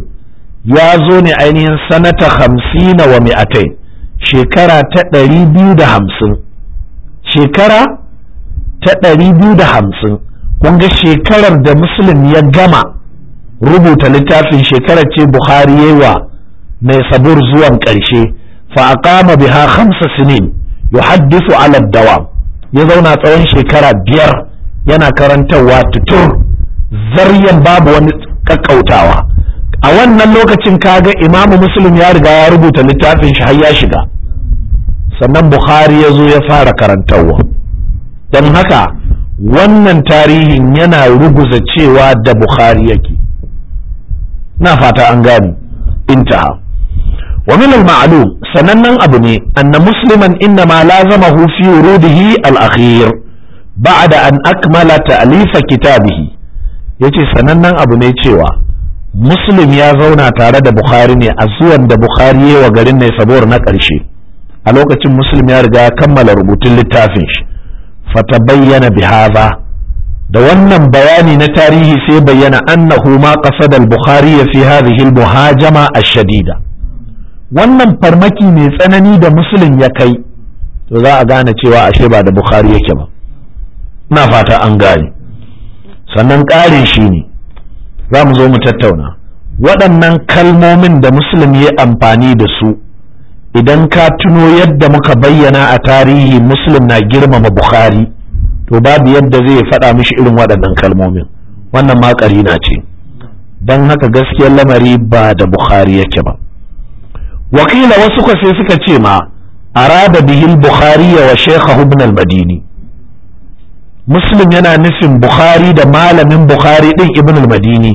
ya zo ne ainihin sanata hamsina wa mi'atai shekara ta ɗari biyu da hamsin shekara ta ɗari biyu da hamsin kun ga shekarar da musulun ya gama rubuta littafin shekarar ce buhari yawa mai sabur zuwan ƙarshe fa kama biha khamsa sinin yuhaddisu ala dawa ya zauna tsawon shekara biyar yana karantarwa tutur zaryan babu wani ƙaƙƙautawa. a wannan lokacin ka kaga imamu muslim ya riga ya rubuta littafin shi har ya shiga sannan bukhari ya zo ya fara karantarwa don haka wannan tarihin yana ruguza cewa da bukhari yake na fata an gani intaha wa min al sanannen abu ne anna musliman inna ma lazamahu fi wurudihi al ba'a da an akmala ta'lifa kitabihi yace sanannen abu ne cewa muslim ya zauna tare da bukhari ne a zuwan da bukhari ya wa garin ne sabuwar na ƙarshe a lokacin muslim ya riga ya kammala rubutun littafin shi bayyana bihaza da wannan bayani na tarihi sai bayyana annahu ma qasada al-bukhari fi hadhihi al-muhajama ash-shadida wannan farmaki mai tsanani da muslim ya kai to za a gane cewa ashe ba da bukhari yake ba ina fata an gane sannan ƙarin shi ne za mu zo mu tattauna waɗannan kalmomin da musulmi ya amfani da su idan ka tuno yadda muka bayyana a tarihi muslim na girmama bukhari to babu yadda zai faɗa mishi irin waɗannan kalmomin wannan ma na ce don haka gaskiyar lamari ba da bukhari yake ba wakila wasu kwasai suka ce ma arada bihil bukhari wa shekha ibn al-madini muslim yana nufin bukhari da malamin bukhari din ibn al-madini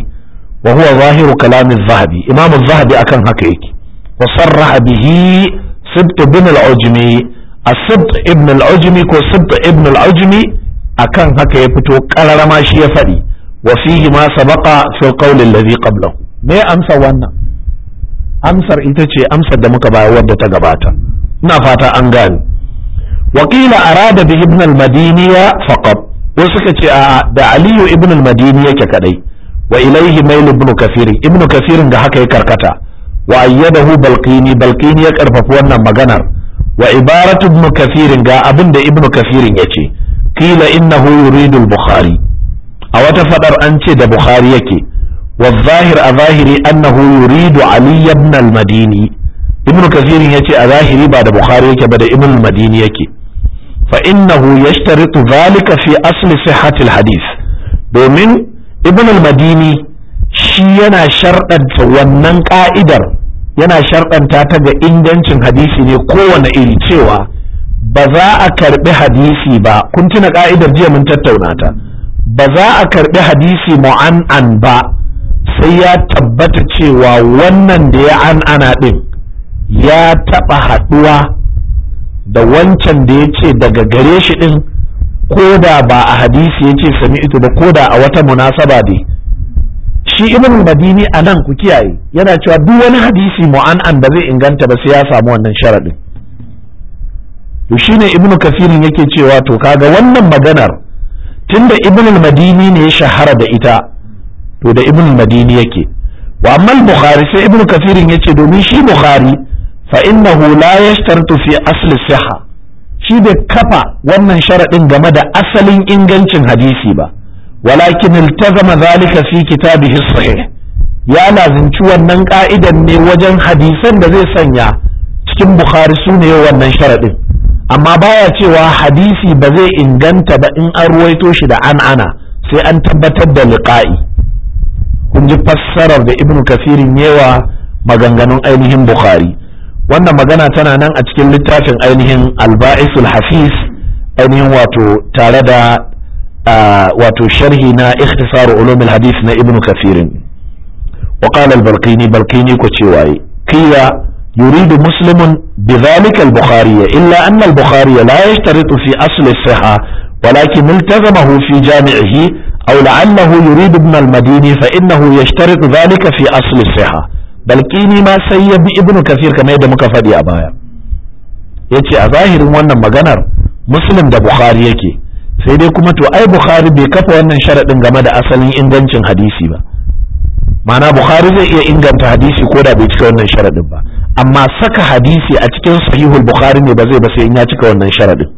wa huwa zahiru kalamin zahabi imam zahabi akan haka yake wa sarraha bihi sibt ibn al-ujmi a sibt ibn al-ujmi ko sibt ibn al-ujmi akan haka ya fito kararama shi ya faɗi wa fihi ma sabaqa fi al-qawl alladhi qablahu me amsa wannan amsar ita ce amsar da muka bayar wadda ta gabata ina fata an gane Waƙila arada da ibn al-madiniya faqat wasu suka ce a da aliyu ibn al-madini yake kadai wa ilaihi mail ibn kafir ibn kafir ga haka ya karkata wa ayyadahu balqini balqini ya karfafi wannan maganar wa ibaratu ibn kafir ga abin da ibn kafir yace qila innahu yuridu al-bukhari a wata fadar an ce da bukhari yake wa zahir a zahiri annahu yuridu ali ibn al-madini ibn kafir yace a zahiri ba da bukhari yake ba da ibn al-madini yake wa innahu yashtaritu zalika fi asli sihhatil hadith domin ibn madini shi yana sharɗanta wannan ka'idar yana sharɗanta ta ga ingancin hadisi ne kowane iri cewa ba za a karɓi hadisi ba kun tuna ka'idar jiya mun tattauna ta ba za a karɓi hadisi mu'an'an ba sai ya tabbata cewa wannan da ya an'ana ɗin ya taɓa haɗuwa da wancan da ya ce daga gare shi ɗin ko da ba a hadisi ya ce sami ito ba ko da a wata munasaba dai shi ibn madini a nan ku kiyaye yana cewa duk wani hadisi mu'an'an ba zai inganta ba sai ya samu wannan sharaɗin to shine ibn kasirin yake cewa to kaga wannan maganar tunda ibn madini ne ya shahara da ita to da ibn madini yake wa amma bukhari sai ibn kasirin yace domin shi bukhari fa innahu hula yashtartu fi asli siha shi bai kafa wannan sharaɗin game da asalin ingancin hadisi ba walakin iltazama zalika fi kitabihi sahih ya lazimci wannan ka'idan ne wajen hadisan da zai sanya cikin bukhari su wannan sharaɗin amma baya cewa hadisi ba zai inganta ba in an ruwaito shi da an ana sai an tabbatar da liqa'i kun ji fassarar da ibnu kasirin yawa maganganun ainihin bukhari wannan magana tana nan a cikin littafin ainihin alba'isul hafiz ainihin wato tare da wato sharhi na ikhtisar ulumul hadith na ibnu kathir wa qala al-balqini balqini ko cewaye qila يريد مسلم بذلك البخاري إلا أن البخاري لا يشترط في أصل الصحة ولكن التزمه في جامعه أو لعله يريد ابن المديني فإنه يشترط ذلك في أصل الصحة balkini ma sai ya bi ibnu kafir kamar yadda muka faɗi a baya yace a zahirin wannan maganar muslim da bukhari yake sai dai kuma to ai bukhari bai kafa wannan sharaɗin game da asalin ingancin hadisi ba ma'ana bukhari zai iya inganta hadisi ko da bai cika wannan sharaɗin ba amma saka hadisi a cikin sahihul bukhari ne ba zai ba sai in ya cika wannan sharaɗin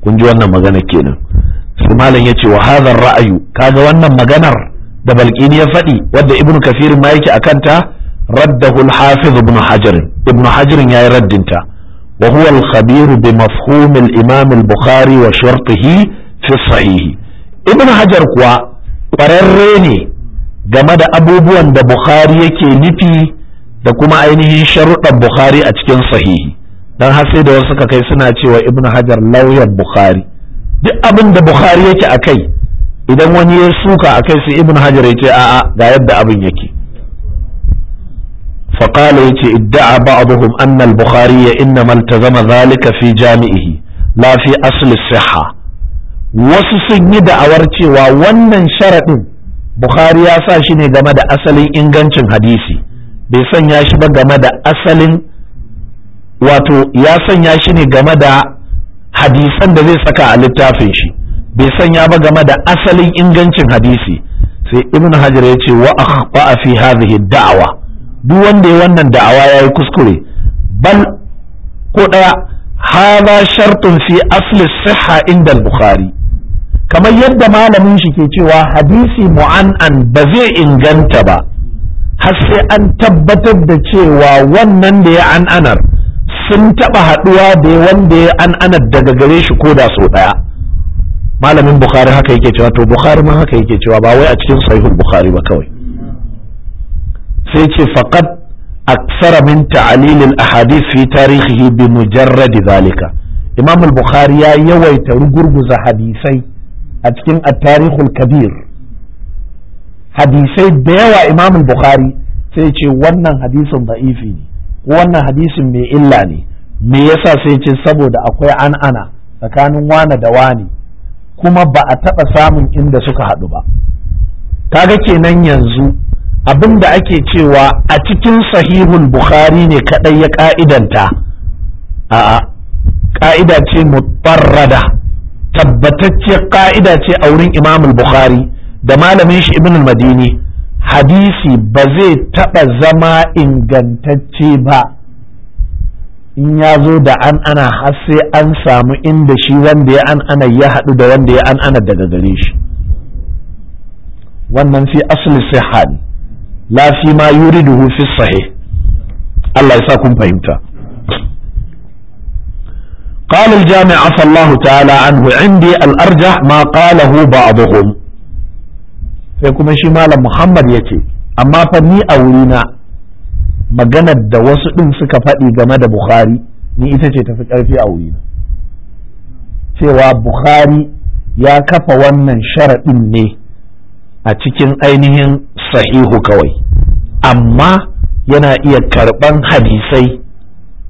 kun ji wannan magana kenan sai malam yace wa hadha ra'ayu kaga wannan maganar da balkini ya faɗi wadda ibn kafir ma yake a kanta raddahu al-hafiz ibn hajar ibn hajar yayi raddinta wa huwa al-khabir bi mafhum al-imam al-bukhari wa shartihi fi sahih ibn hajar kuwa kwararre ne game da abubuwan da bukhari yake nufi da kuma ainihin sharuɗan bukhari a cikin sahihi dan har sai da wasu suka kai suna cewa ibn hajar lauyan bukhari duk abin da bukhari yake akai. kai idan wani ya suka a kai sai ibn hajar ya ce a'a ga yadda abin yake فقال يتي ادعى بعضهم أن البخاري إنما zalika fi jami'i, جامعه asli siha. Wasu sun yi da'awar cewa wannan sharaɗin Bukhari ya sa shi ne game da asalin ingancin hadisi bai sanya shi ba game da asalin wato ya sanya shi ne game da hadisan da zai saka a littafin shi bai sanya ba game da asalin ingancin hadisi sai ibn hajar ya ce wa akhfa fi hadhihi da'wa duk wanda ya wannan da'awa yayi kuskure bal ko daya hadha shartun fi asli siha inda al-bukhari kamar yadda malamin shi ke cewa hadisi mu'an'an ba zai inganta ba har sai an tabbatar da cewa wannan da ya an'anar sun taɓa haɗuwa da wanda ya an'anar daga gare shi ko da sau ɗaya malamin bukhari haka yake cewa to bukhari ma haka yake cewa ba wai a cikin sahihul bukhari ba kawai sai ce faqad aksara min ta'lil al ahadith fi tarihihi bi mujarrad zalika imam al bukhari ya yawaita rugurguza hadisai a cikin at-tarihul kabir hadisai da yawa imam al bukhari sai ce wannan hadisin da'ifi ne wannan hadisin mai illa ne me yasa sai ce saboda akwai an'ana tsakanin wane da wani kuma ba a taɓa samun inda suka haɗu ba kaga kenan yanzu abin da ake cewa a cikin sahihul bukhari ne kaɗai ya ƙa'idanta a ƙa'ida ce mutarrada tabbatacciyar ƙa'ida ce a wurin imamul bukhari da malamin shi ibn madini hadisi ba zai taɓa zama ingantacce ba in ya zo da an ana har sai an samu inda shi wanda ya an ana ya haɗu da wanda ya an ana daga gare shi wannan fi asali sihha ne la fi ma yuriduhu fi sahih Allah ya sa kun fahimta قال الجامع عفى الله تعالى عنه عندي الأرجح ما قاله بعضهم sai kuma shi malam Muhammad ya ce amma fa ni a wurina maganar da wasu ɗin suka faɗi game da bukhari ni ita ce tafi ƙarfi a wurina cewa bukhari ya kafa wannan sharaɗin ne a cikin ainihin sahihu kawai amma yana iya karɓan hadisai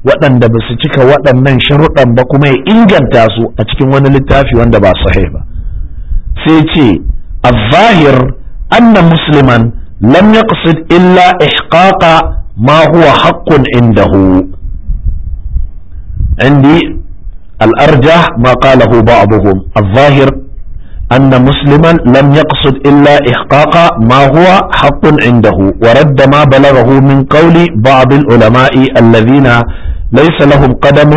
waɗanda ba su cika waɗannan sharuɗan ba kuma ya inganta su a cikin wani littafi wanda ba sahih ba sai ce a zahir anna musliman lam yaqsid illa ihqaqa ma huwa haqqun indahu عندي الأرجح ما قاله بعضهم الظاهر أن مسلما لم يقصد إلا إحقاق ما هو حق عنده ورد ما بلغه من قول بعض العلماء الذين ليس لهم قدم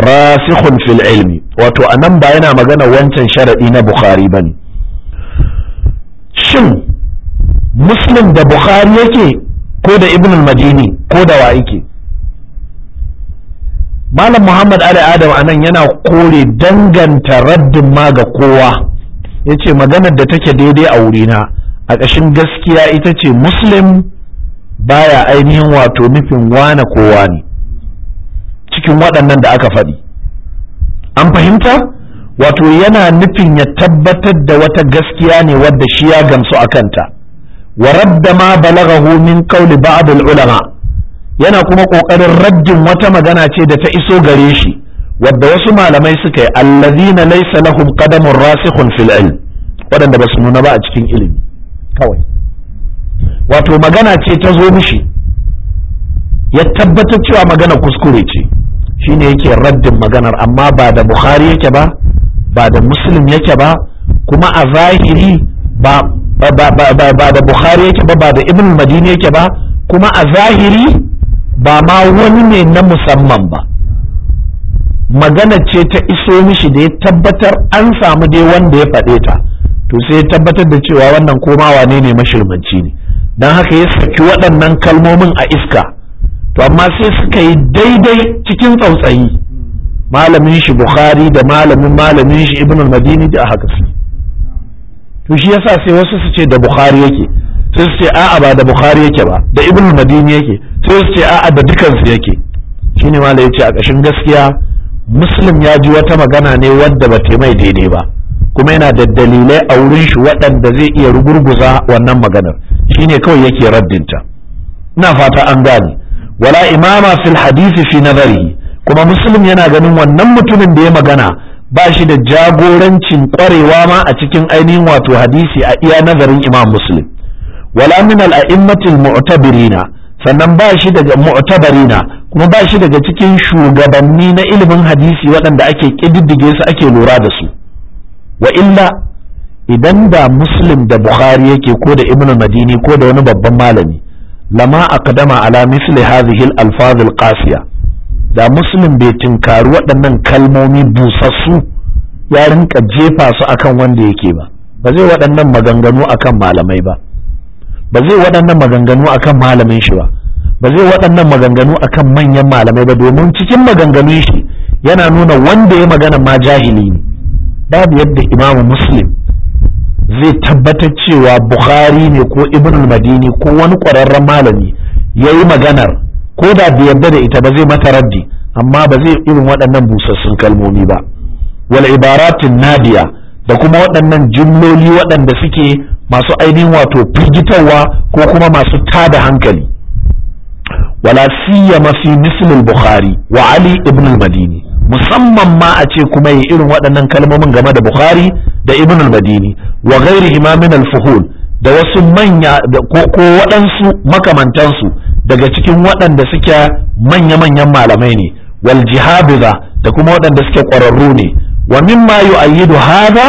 راسخ في العلم وتؤنم بين مغنى وانتن شرعين بخاري بني شن مسلم ده بخاري يكي ko da ibn al-madini ko da wa yake malam muhammad ali adam anan yana kore danganta raddin ma ga kowa yace maganar da take daidai a wurina a ƙashin gaskiya ita ce muslim baya ainihin wato nufin wane kowa ne cikin waɗannan da aka faɗi an fahimta wato yana nufin ya tabbatar da wata gaskiya ne wadda shi ya gamsu a kanta wa radda ma balaghahu min qawli ba'd ulama yana kuma kokarin raddin wata magana ce da ta iso gare shi wadda wasu malamai suka yi allazina laysa lahum qadamun rasikhun fil ilm wadanda basu nuna ba a cikin ilimi kawai wato magana ce ta zo mishi ya tabbatar cewa magana kuskure ce shine yake raddin maganar amma ba da bukhari yake ba ba da muslim yake ba kuma a zahiri ba ba da bukhari yake ba ba da ibn madini yake ba kuma a zahiri ba ma wani ne na musamman ba magana ce ta iso mishi da ya tabbatar an samu dai wanda ya faɗe ta to sai ya tabbatar da cewa wannan koma wane ne mashirmanci ne don haka ya saki waɗannan kalmomin a iska to amma sai suka yi daidai cikin tsautsayi malamin shi bukhari da malamin malamin shi ibn al-madini da haka su to shi yasa sai wasu su ce da bukhari yake sai su ce a'a ba da bukhari yake ba da ibnu madini yake sai su ce a'a da dukansu yake shine ma yace a ƙashin gaskiya muslim ya ji wata magana ne wadda ba ta mai daidai ba kuma yana da dalilai a wurin shi waɗanda zai iya rugurguza wannan maganar shine kawai yake raddinta ina fata an gane wala imama fil hadisi fi nazari kuma muslim yana ganin wannan mutumin da ya magana ba shi da jagorancin kwarewa ma a cikin ainihin wato hadisi a iya nazarin imam muslim wala min al mu'tabirina sannan ba shi daga mu'tabarina kuma ba shi daga cikin shugabanni na ilimin hadisi waɗanda ake ƙididdige su ake lura da su wa illa idan da muslim da bukhari yake ko da ibn madini ko da wani babban malami lama aqdama ala misli hadhihi al-alfaz al-qasiya da musulun bai tunkaru waɗannan kalmomi busassu ya rinka jefa su akan wanda yake ba ba zai waɗannan maganganu akan malamai ba ba zai waɗannan maganganu akan malamin shi ba ba zai waɗannan maganganu akan manyan malamai ba domin cikin maganganun shi yana nuna wanda ya magana ma jahili ne babu yadda imamu muslim zai tabbatar cewa bukhari ne ko ibn madini ko wani ƙwararren malami ya yi maganar ko da bai yarda da ita ba zai mata raddi amma ba zai irin waɗannan busassun kalmomi ba wal ibaratin nadiya da kuma waɗannan jumloli waɗanda suke masu ainihin wato firgitarwa ko kuma masu tada hankali wala siya mafi mislul bukhari wa ali ibn al-madini musamman ma a ce kuma yi irin waɗannan kalmomin game da bukhari da ibn al-madini wa gairi imamin al-fuhul da wasu manya ko waɗansu makamantansu daga cikin waɗanda suke manya-manyan malamai ne wal jihabiza da kuma waɗanda suke ƙwararru ne wa mimma yu'ayyidu hadha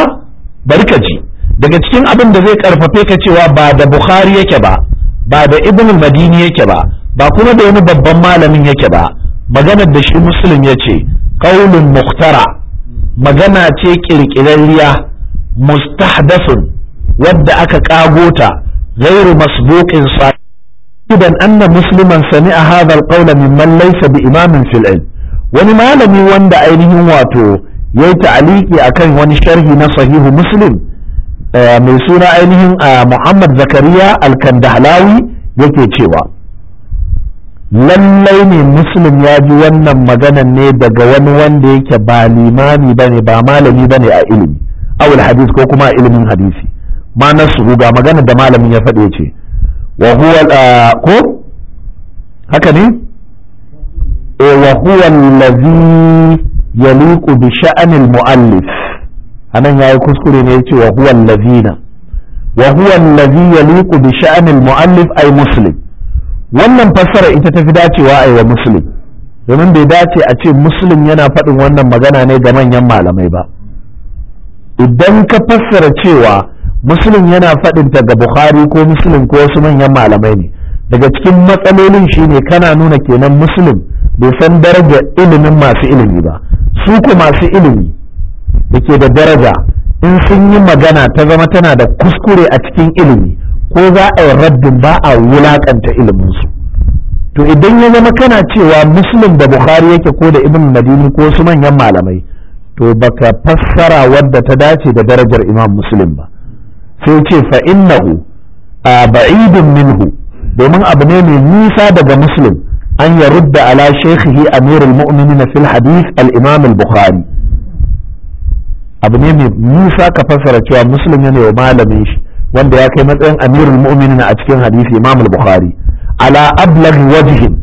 barkaji daga cikin abin da zai karfafe ka cewa ba da bukhari yake ba ba da ibn madini yake ba ba kuma da wani babban malamin yake ba maganar da shi muslim ya ce qaulun muhtara magana ce kirkirarriya mustahdathun wadda aka kagota zairu masbuqin sa idan anna musliman sami'a hadha alqawla mimman laysa bi imamin fil wani malami wanda ainihin wato yayi ta'aliki akan wani sharhi na sahihu muslim mai suna ainihin Muhammad Zakariya al-Kandahlawi yake cewa lallai ne muslim ya ji wannan maganan ne daga wani wanda yake ba limami ne ba malami bane a ilimi awul hadis ko kuma ilimin hadisi ma nasu ga magana da malamin ya faɗe ce wa huwa ah, ko haka ne e wa huwa allazi yaliqu bi sha'anil muallif anan yayi kuskure ne yace wa huwa allazina wa huwa allazi yaliqu bi sha'anil muallif ay muslim wannan fassara ita tafi dacewa ai wa muslim domin bai dace a ce muslim yana faɗin wannan magana ne ga manyan malamai ba idan ka fassara cewa Musulun yana faɗin ta ga bukhari ko Musulun ko wasu manyan malamai ne daga cikin matsalolin shine kana nuna kenan Musulun bai san daraja ilimin masu ilimi ba su ku masu ilimi da ke da daraja in sun yi magana ta zama tana da kuskure a cikin ilimi ko za a yi raddin ba a wulakanta iliminsu to idan ya zama kana cewa Musulun da bukhari yake ko da ibn madini ko su manyan malamai to baka fassara wadda ta dace da darajar imam Musulun ba sai ce fa a ba'idin minhu domin abu ne mai nisa daga muslim an yi rudda ala shekhihi amirul mu'minin fil hadith al al-bukhari abu ne mai nisa ka fassara cewa muslim yana wa malamin shi wanda ya kai matsayin amirul mu'minin a cikin hadisi imam al-bukhari ala ablagh wajihin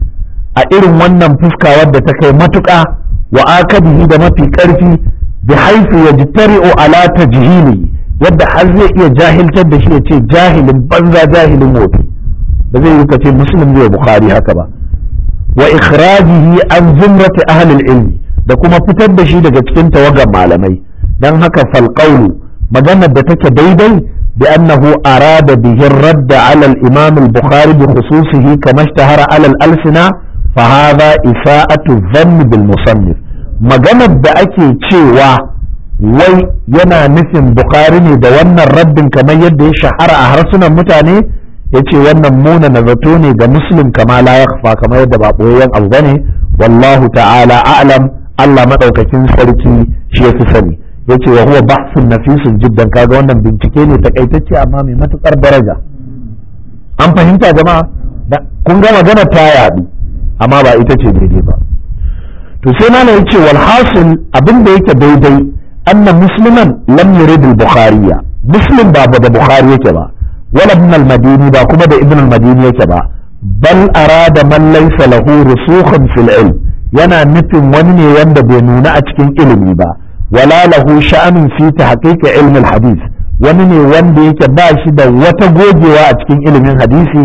a irin wannan fuska wadda ta kai matuƙa wa da mafi ƙarfi bi haifu yajtari'u ala tajhili wadda har zai iya jahiltar da shi ya ce jahilin banza jahilin wofi ba zai yi kace muslim zai bukhari haka ba wa ikhrajihi an zumrati ahlul ilmi da kuma fitar da shi daga cikin tawagan malamai dan haka falqaulu maganar da take daidai bi annahu arada bihi radda ala al-imam al-bukhari bi khususihi kama ishtahara ala al-alsina fa hadha isa'atu bil musannif maganar da ake cewa wai yana nufin bukhari ne da wannan raddin kamar yadda ya shahara a harsunan mutane ya ce wannan muna na zato ne ga musulun kama la ya kamar yadda ba ɓoyayyen abu ba ne wallahu ta'ala a'lam allah maɗaukakin sarki shi ya fi sani ya ce wa huwa bahsun nafisun jiddan kaga wannan bincike ne takaitacce amma mai matuƙar daraja an fahimta jama'a kun ga magana ta yaɗu amma ba ita ce daidai ba to sai mana ya ce walhasil abin da yake daidai anna musliman lam yurid al-bukhariya muslim ba da bukhari yake ba wala ibn madini ba kuma da ibn madini yake ba bal arada man laysa lahu rusukhan fil yana nufin wani ne wanda bai nuna a cikin ilimi ba wala lahu sha'anun fi tahqiq ilm al-hadith wani ne wanda yake ba shi da wata gogewa a cikin ilimin hadisi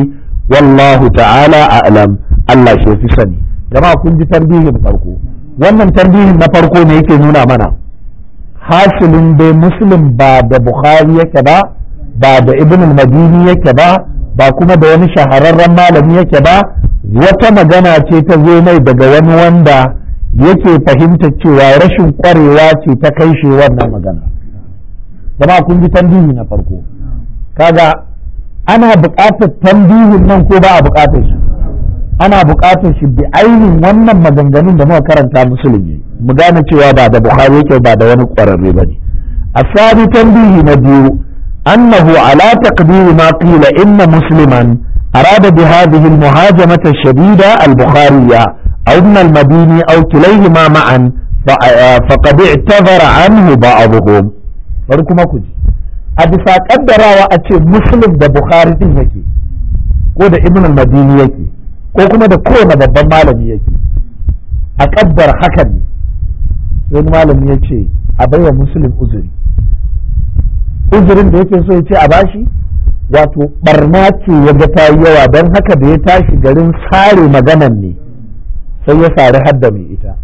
wallahu ta'ala a'lam Allah shi fi sani jama'a kun ji tarbihin farko wannan tarbihin na farko ne yake nuna mana hasilin dai muslim ba da bukhari yake ba ba da ibn al-madini yake ba ba kuma da wani shahararren malami yake ba wata magana ce ta zo mai daga wani wanda yake fahimta cewa rashin kwarewa ce ta kai shi wannan magana zama kun ji tambihi na farko kaga ana buƙatar tambihin nan ko ba a buƙatar shi ana buƙatar shi bi ainihin wannan maganganun da muka karanta musulmi mu gane cewa ba da buhari yake ba da wani ƙwararre ba ne asali tambihi na biyu annahu ala taqdiri ma qila inna musliman arada bi hadhihi al-muhajamah ash-shadida al-bukhariya aw ibn al-madini aw kilayhima ma'an ah, faqad i'tazara anhu ba'dhum bari kuma ku ji a bisa kaddarawa a ce muslim da bukhari din yake ko da ibn al-madini yake ko kuma da kowane babban malami yake a kaddar hakan ne wani malami ya ce a baiwa musulun uzuri uzurin da yake so ya ce a bashi wato barna ce ya ga ta yawa don haka da ya tashi garin sare maganan ne sai ya sare hadda mai ita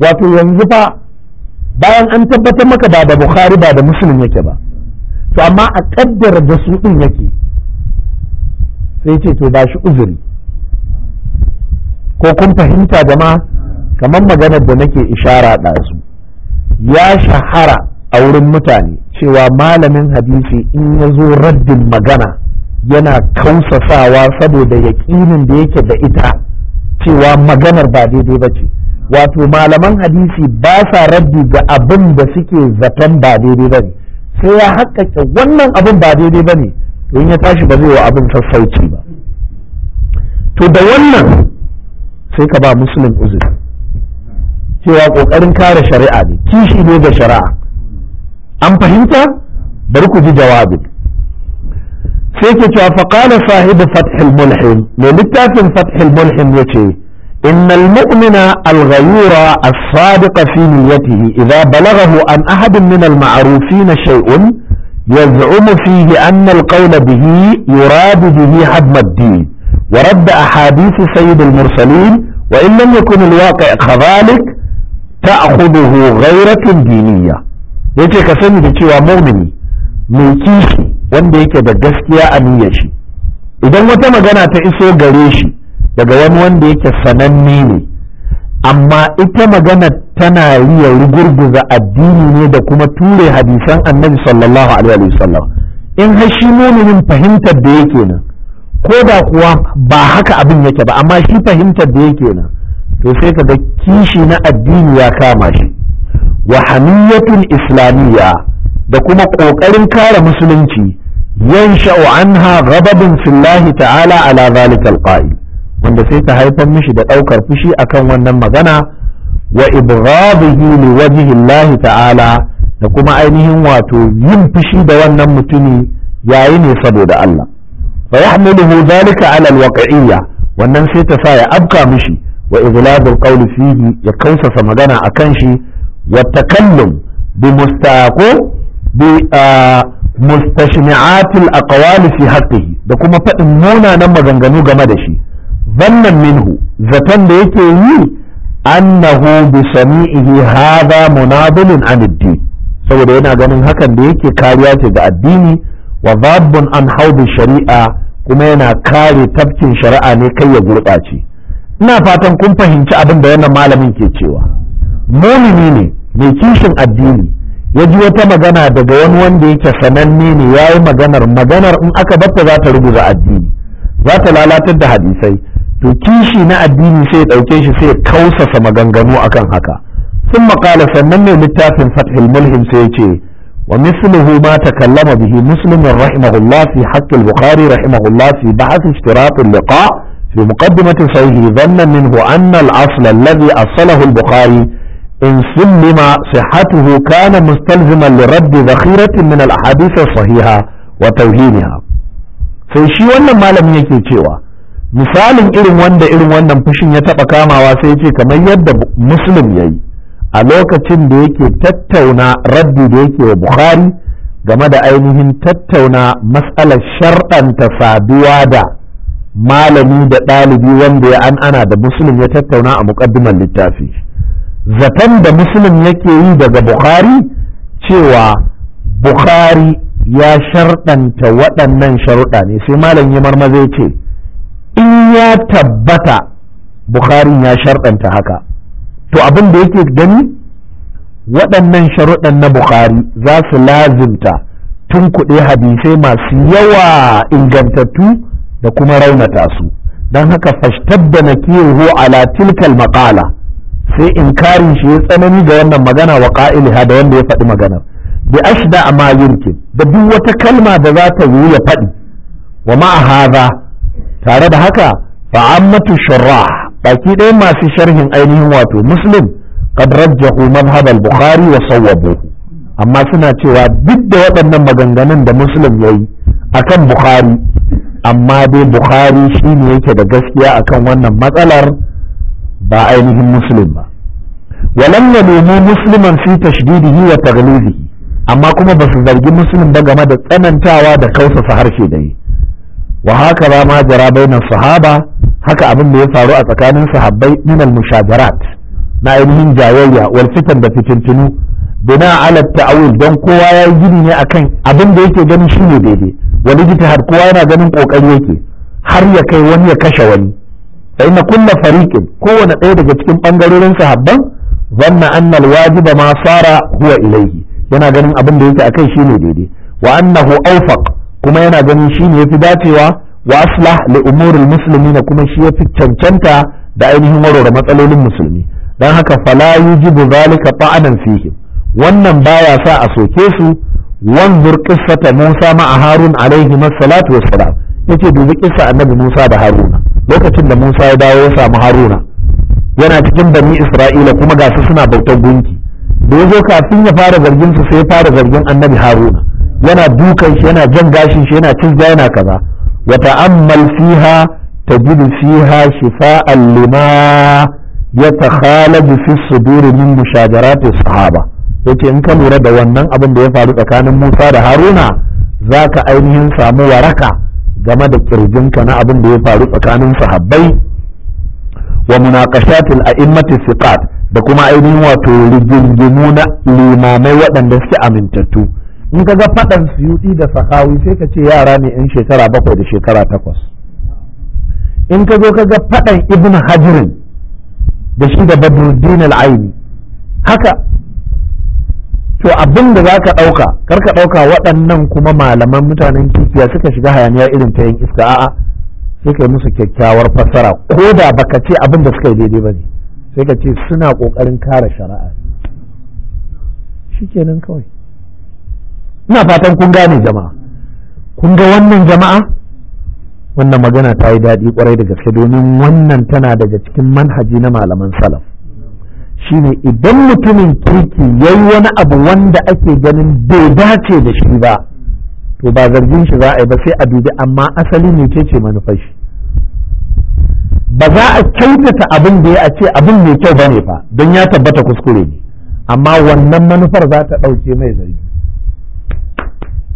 wato yanzu fa bayan an tabbatar maka ba da bukhari ba da musulun yake ba to amma a kaddara da su din yake sai ce to ba shi uzuri ko kun fahimta da ma. kamar maganar da nake ishara ɗazu ya shahara a wurin mutane cewa malamin hadisi in ya zo raddin magana yana kausasawa saboda yaƙinin da yake da ita cewa maganar ba daidai ba ce wato malaman hadisi ba sa raddi ga abin da suke zaton ba daidai ba ne sai ya haƙƙaƙe wannan abin ba daidai ba ne to in ya tashi ba zai wa abin sassauci ba to da wannan sai ka ba musulun uzuri cewa kokarin kare shari'a ne kishi ne da shari'a an fahimta bari ku ji jawabin sai ke cewa fa qala sahibu fath al mulhim ne littafin fath al mulhim ya ce إن المؤمن الغيور الصادق في نيته إذا بلغه عن أحد من المعروفين شيء يزعم فيه أن القول به يراد به هدم الدين ورد أحاديث سيد المرسلين وإن لم يكن الواقع كذلك ta'khudhu gairatin diniya yace ka sani da cewa mu'mini mai kishi wanda yake da gaskiya a niyyar shi idan wata magana ta iso gare shi daga wani wanda yake sananne ne amma ita magana tana riya rugurguza addini ne da kuma ture hadisan annabi sallallahu alaihi wasallam in har shi muminin fahimtar da yake nan ko da kuwa ba haka abin yake ba amma shi fahimtar da yake nan to sai ka ga kishi na addini ya kama shi wa hamiyatul islamiyya da kuma ƙoƙarin kare musulunci yansha'u anha ghadabun fillahi ta'ala ala zalikal qa'il wanda sai ta haifar mishi da ɗaukar fushi akan wannan magana wa ibghadihi li wajhi Allah ta'ala da kuma ainihin wato yin fushi da wannan mutumi yayi ne saboda Allah fa yahmiluhu zalika ala alwaqi'iyya wannan sai ta sa ya abka mishi wa izladul qawli fihi ya kausasa magana akan shi wa takallum bi mustaqo bi mustashmi'atil aqwali fi haqqihi da kuma faɗin munanan maganganu game da shi zannan minhu zaton da yake yi annahu bi sami'ihi hadha munadilun an din saboda yana ganin hakan da yake kariya ce ga addini wa dhabbun an hawdi shari'a kuma yana kare tafkin shari'a ne kai ya gurɓace ina fatan kun fahimci abin da wannan malamin ke cewa mumini ne mai kishin addini ya ji wata magana daga wani wanda yake sananne ne ya yi maganar maganar in aka batta za ta rubuta addini za ta lalatar da hadisai to kishi na addini sai ya ɗauke shi sai ya kausasa maganganu akan haka sun makala sannan ne littafin fathil mulhim sai ya ce wa misluhu ma takallama bihi muslimin rahimahullah fi haqqil bukhari rahimahullah fi ba'th ishtirat liqa' بمقدمة صحيح ظنا منه أن الأصل الذي أصله البخاري إن سلم صحته كان مستلزما لرد ذخيرة من الأحاديث الصحيحة وتوهينها sai shi wannan malamin yake cewa misalin irin wanda irin wannan fushin ya taɓa kamawa sai ce kamar yadda muslim ya yi a lokacin da yake tattauna rabbi da yake wa bukhari game da ainihin tattauna matsalar sharɗanta saduwa da malami da ɗalibi wanda ya an ana da musulun ya tattauna a muƙaddimar littafi zaton da musulun yake yi daga bukhari cewa bukhari ya sharɗanta waɗannan sharuɗa ne sai malam ya marmaza ce in ya tabbata bukhari ya sharɗanta haka to abin da yake gani waɗannan sharuɗan na bukhari za su lazimta tun kuɗe hadisai masu yawa ingantattu da kuma raunata su don haka fashtadda na kiwo ala tilkal maƙala sai karin shi ya tsanani ga wannan magana wa ƙa'iliha da wanda ya faɗi maganar bi ashda a yumkin da duk wata kalma da za ta yi ya faɗi wa ma'a tare da haka fa'ammatu shurrah baki ɗaya masu sharhin ainihin wato muslim qad rajjahu madhhab al-bukhari wa sawwabuhu amma suna cewa duk da waɗannan maganganun da muslim yayi akan bukhari amma dai bukhari shi ne yake da gaskiya akan wannan matsalar ba ainihin muslim ba walam yalumu musliman fi tashdidihi wa taghlizihi amma kuma ba su zargi muslim ba game da tsanantawa da kausasa harshe da yi wa haka ba ma jara bainar sahaba haka abin da ya faru a tsakanin sahabbai min al mushajarat na ainihin jayayya wal fitan da fitintinu bina ala ta'awil don kowa ya yi gini ne akan abin da yake ganin shine daidai wani har kowa yana ganin kokari yake har ya kai wani ya kashe wani fa inna kulla fariqin kowane ɗaya daga cikin bangarorin sahabban zanna annal wajiba ma sara huwa ilayhi yana ganin abin da yake akai shine daidai wa annahu awfaq kuma yana ganin shine yafi dacewa wa aslah li na muslimina kuma shi yafi cancanta da ainihin warware matsalolin musulmi dan haka fala yujibu zalika ta'anan fihim wannan baya sa a soke su wanzur qissata Musa ma'a Harun alaihi masallatu wassalam yace dubi kissa annabi Musa da Haruna lokacin da Musa ya dawo ya samu Haruna yana cikin bani Isra'ila kuma ga su suna bautar gunki da yazo kafin ya fara zargin su sai ya fara zargin annabi Haruna yana dukan shi yana jan gashin shi yana cizga yana kaza wa ta'ammal fiha tajidu fiha shifa'an lima yatakhalabu fi sudur min mushajarati sahaba yake in ka lura da wannan abin da ya faru tsakanin Musa da Haruna za ka ainihin samu waraka game da kirjinka na abin da ya faru tsakanin sahabbai wa munaqashatil a'immatis siqat da kuma ainihin wato rigingimu na limamai waɗanda suke amintattu in ka ga faɗan suyuɗi da sahawi sai ka ce yara ne in shekara bakwai da shekara takwas in ka zo ka ga faɗan ibnu hajirin da shi da badruddin al'aini haka to abin da za ka ɗauka kar ka ɗauka waɗannan kuma malaman mutanen kifiya suka shiga hayaniya irin ta yin iska a'a sai ka yi musu kyakkyawar fassara ko da baka ce abin da suka yi daidai ba ne sai ka ce suna ƙoƙarin kare shari'a shikenan kawai ina fatan kun gane jama'a kun ga wannan jama'a wannan magana ta yi daɗi ƙwarai da gaske domin wannan tana daga cikin manhaji na malaman salaf shine idan mutumin kirki ya yi wani abu wanda ake ganin bai dace da shi ba to ba zargin shi za a yi ba sai a dubi amma asali ne ke ce manufar shi ba za a kyautata abin da ya a ce abin mai kyau bane fa don ya tabbata kuskure ne amma wannan manufar za ta ɗauke mai zargi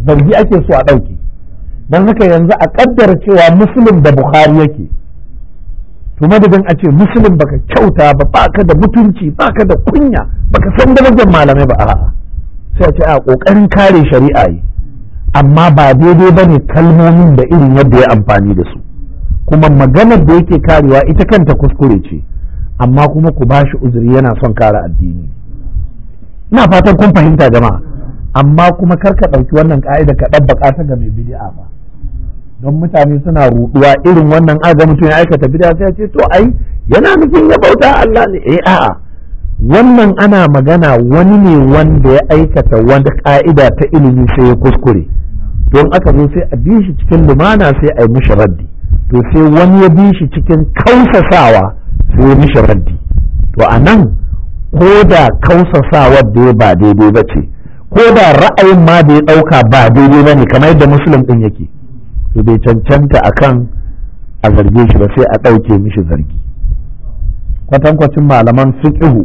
zargi ake so a ɗauke don haka yanzu a ƙaddara cewa musulun da buhari yake to madadin a ce musulun baka kyauta ba baka da mutunci baka da kunya baka san darajar malamai ba a'a sai a ce a kokarin kare shari'a yi amma ba daidai ba bane kalmomin da irin yadda ya amfani da su kuma maganar da yake karewa ita kanta kuskure ce amma kuma ku bashi uzuri yana son kare addini ina fatan kun fahimta jama'a amma kuma kar ka ɗauki wannan ka'ida ka ɗabbaka ta ga mai bid'a ba don mutane suna ruɗuwa irin wannan aga mutum ya aikata bid'a sai ya ce to ai yana nufin ya bauta Allah ne eh a'a wannan ana magana wani ne wanda ya aikata wani ka'ida ta ilimi sai ya kuskure don aka zo sai a bi shi cikin lumana sai a yi mishi raddi to sai wani ya bi shi cikin kausasawa sai ya mishi raddi to a nan ko da kausasawar da ya ba daidai ba ce ko da ra'ayin ma da ya ɗauka ba daidai ba ne kamar yadda musulun ɗin yake to bai cancanta a kan a zarge shi ba sai a ɗauke mishi zargi kwatankwacin malaman ƙihu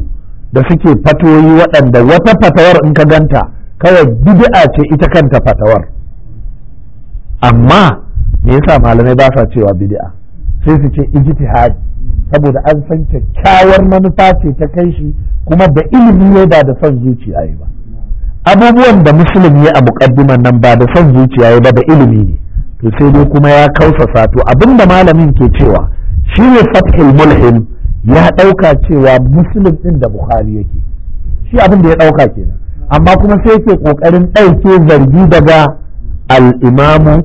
da suke fatoyi waɗanda wata fatawar in ka ganta kawai bidi'a ce ita kanta fatawar amma me yasa malamai ba sa cewa bidi'a sai su ce ijtihadi saboda an san kyakkyawar manufa ce ta kai shi kuma da ilimi ne ba da son zuciya ba abubuwan da musulmi ya a muƙaddiman nan ba da son zuciya ba da ilimi ne to sai dai kuma ya sa to abinda malamin ke cewa shi ne fathul mulhim ya ɗauka cewa muslim ɗin da bukhari yake shi abin da ya ɗauka kenan amma kuma sai yake ƙoƙarin ɗauke zargi daga al'imamu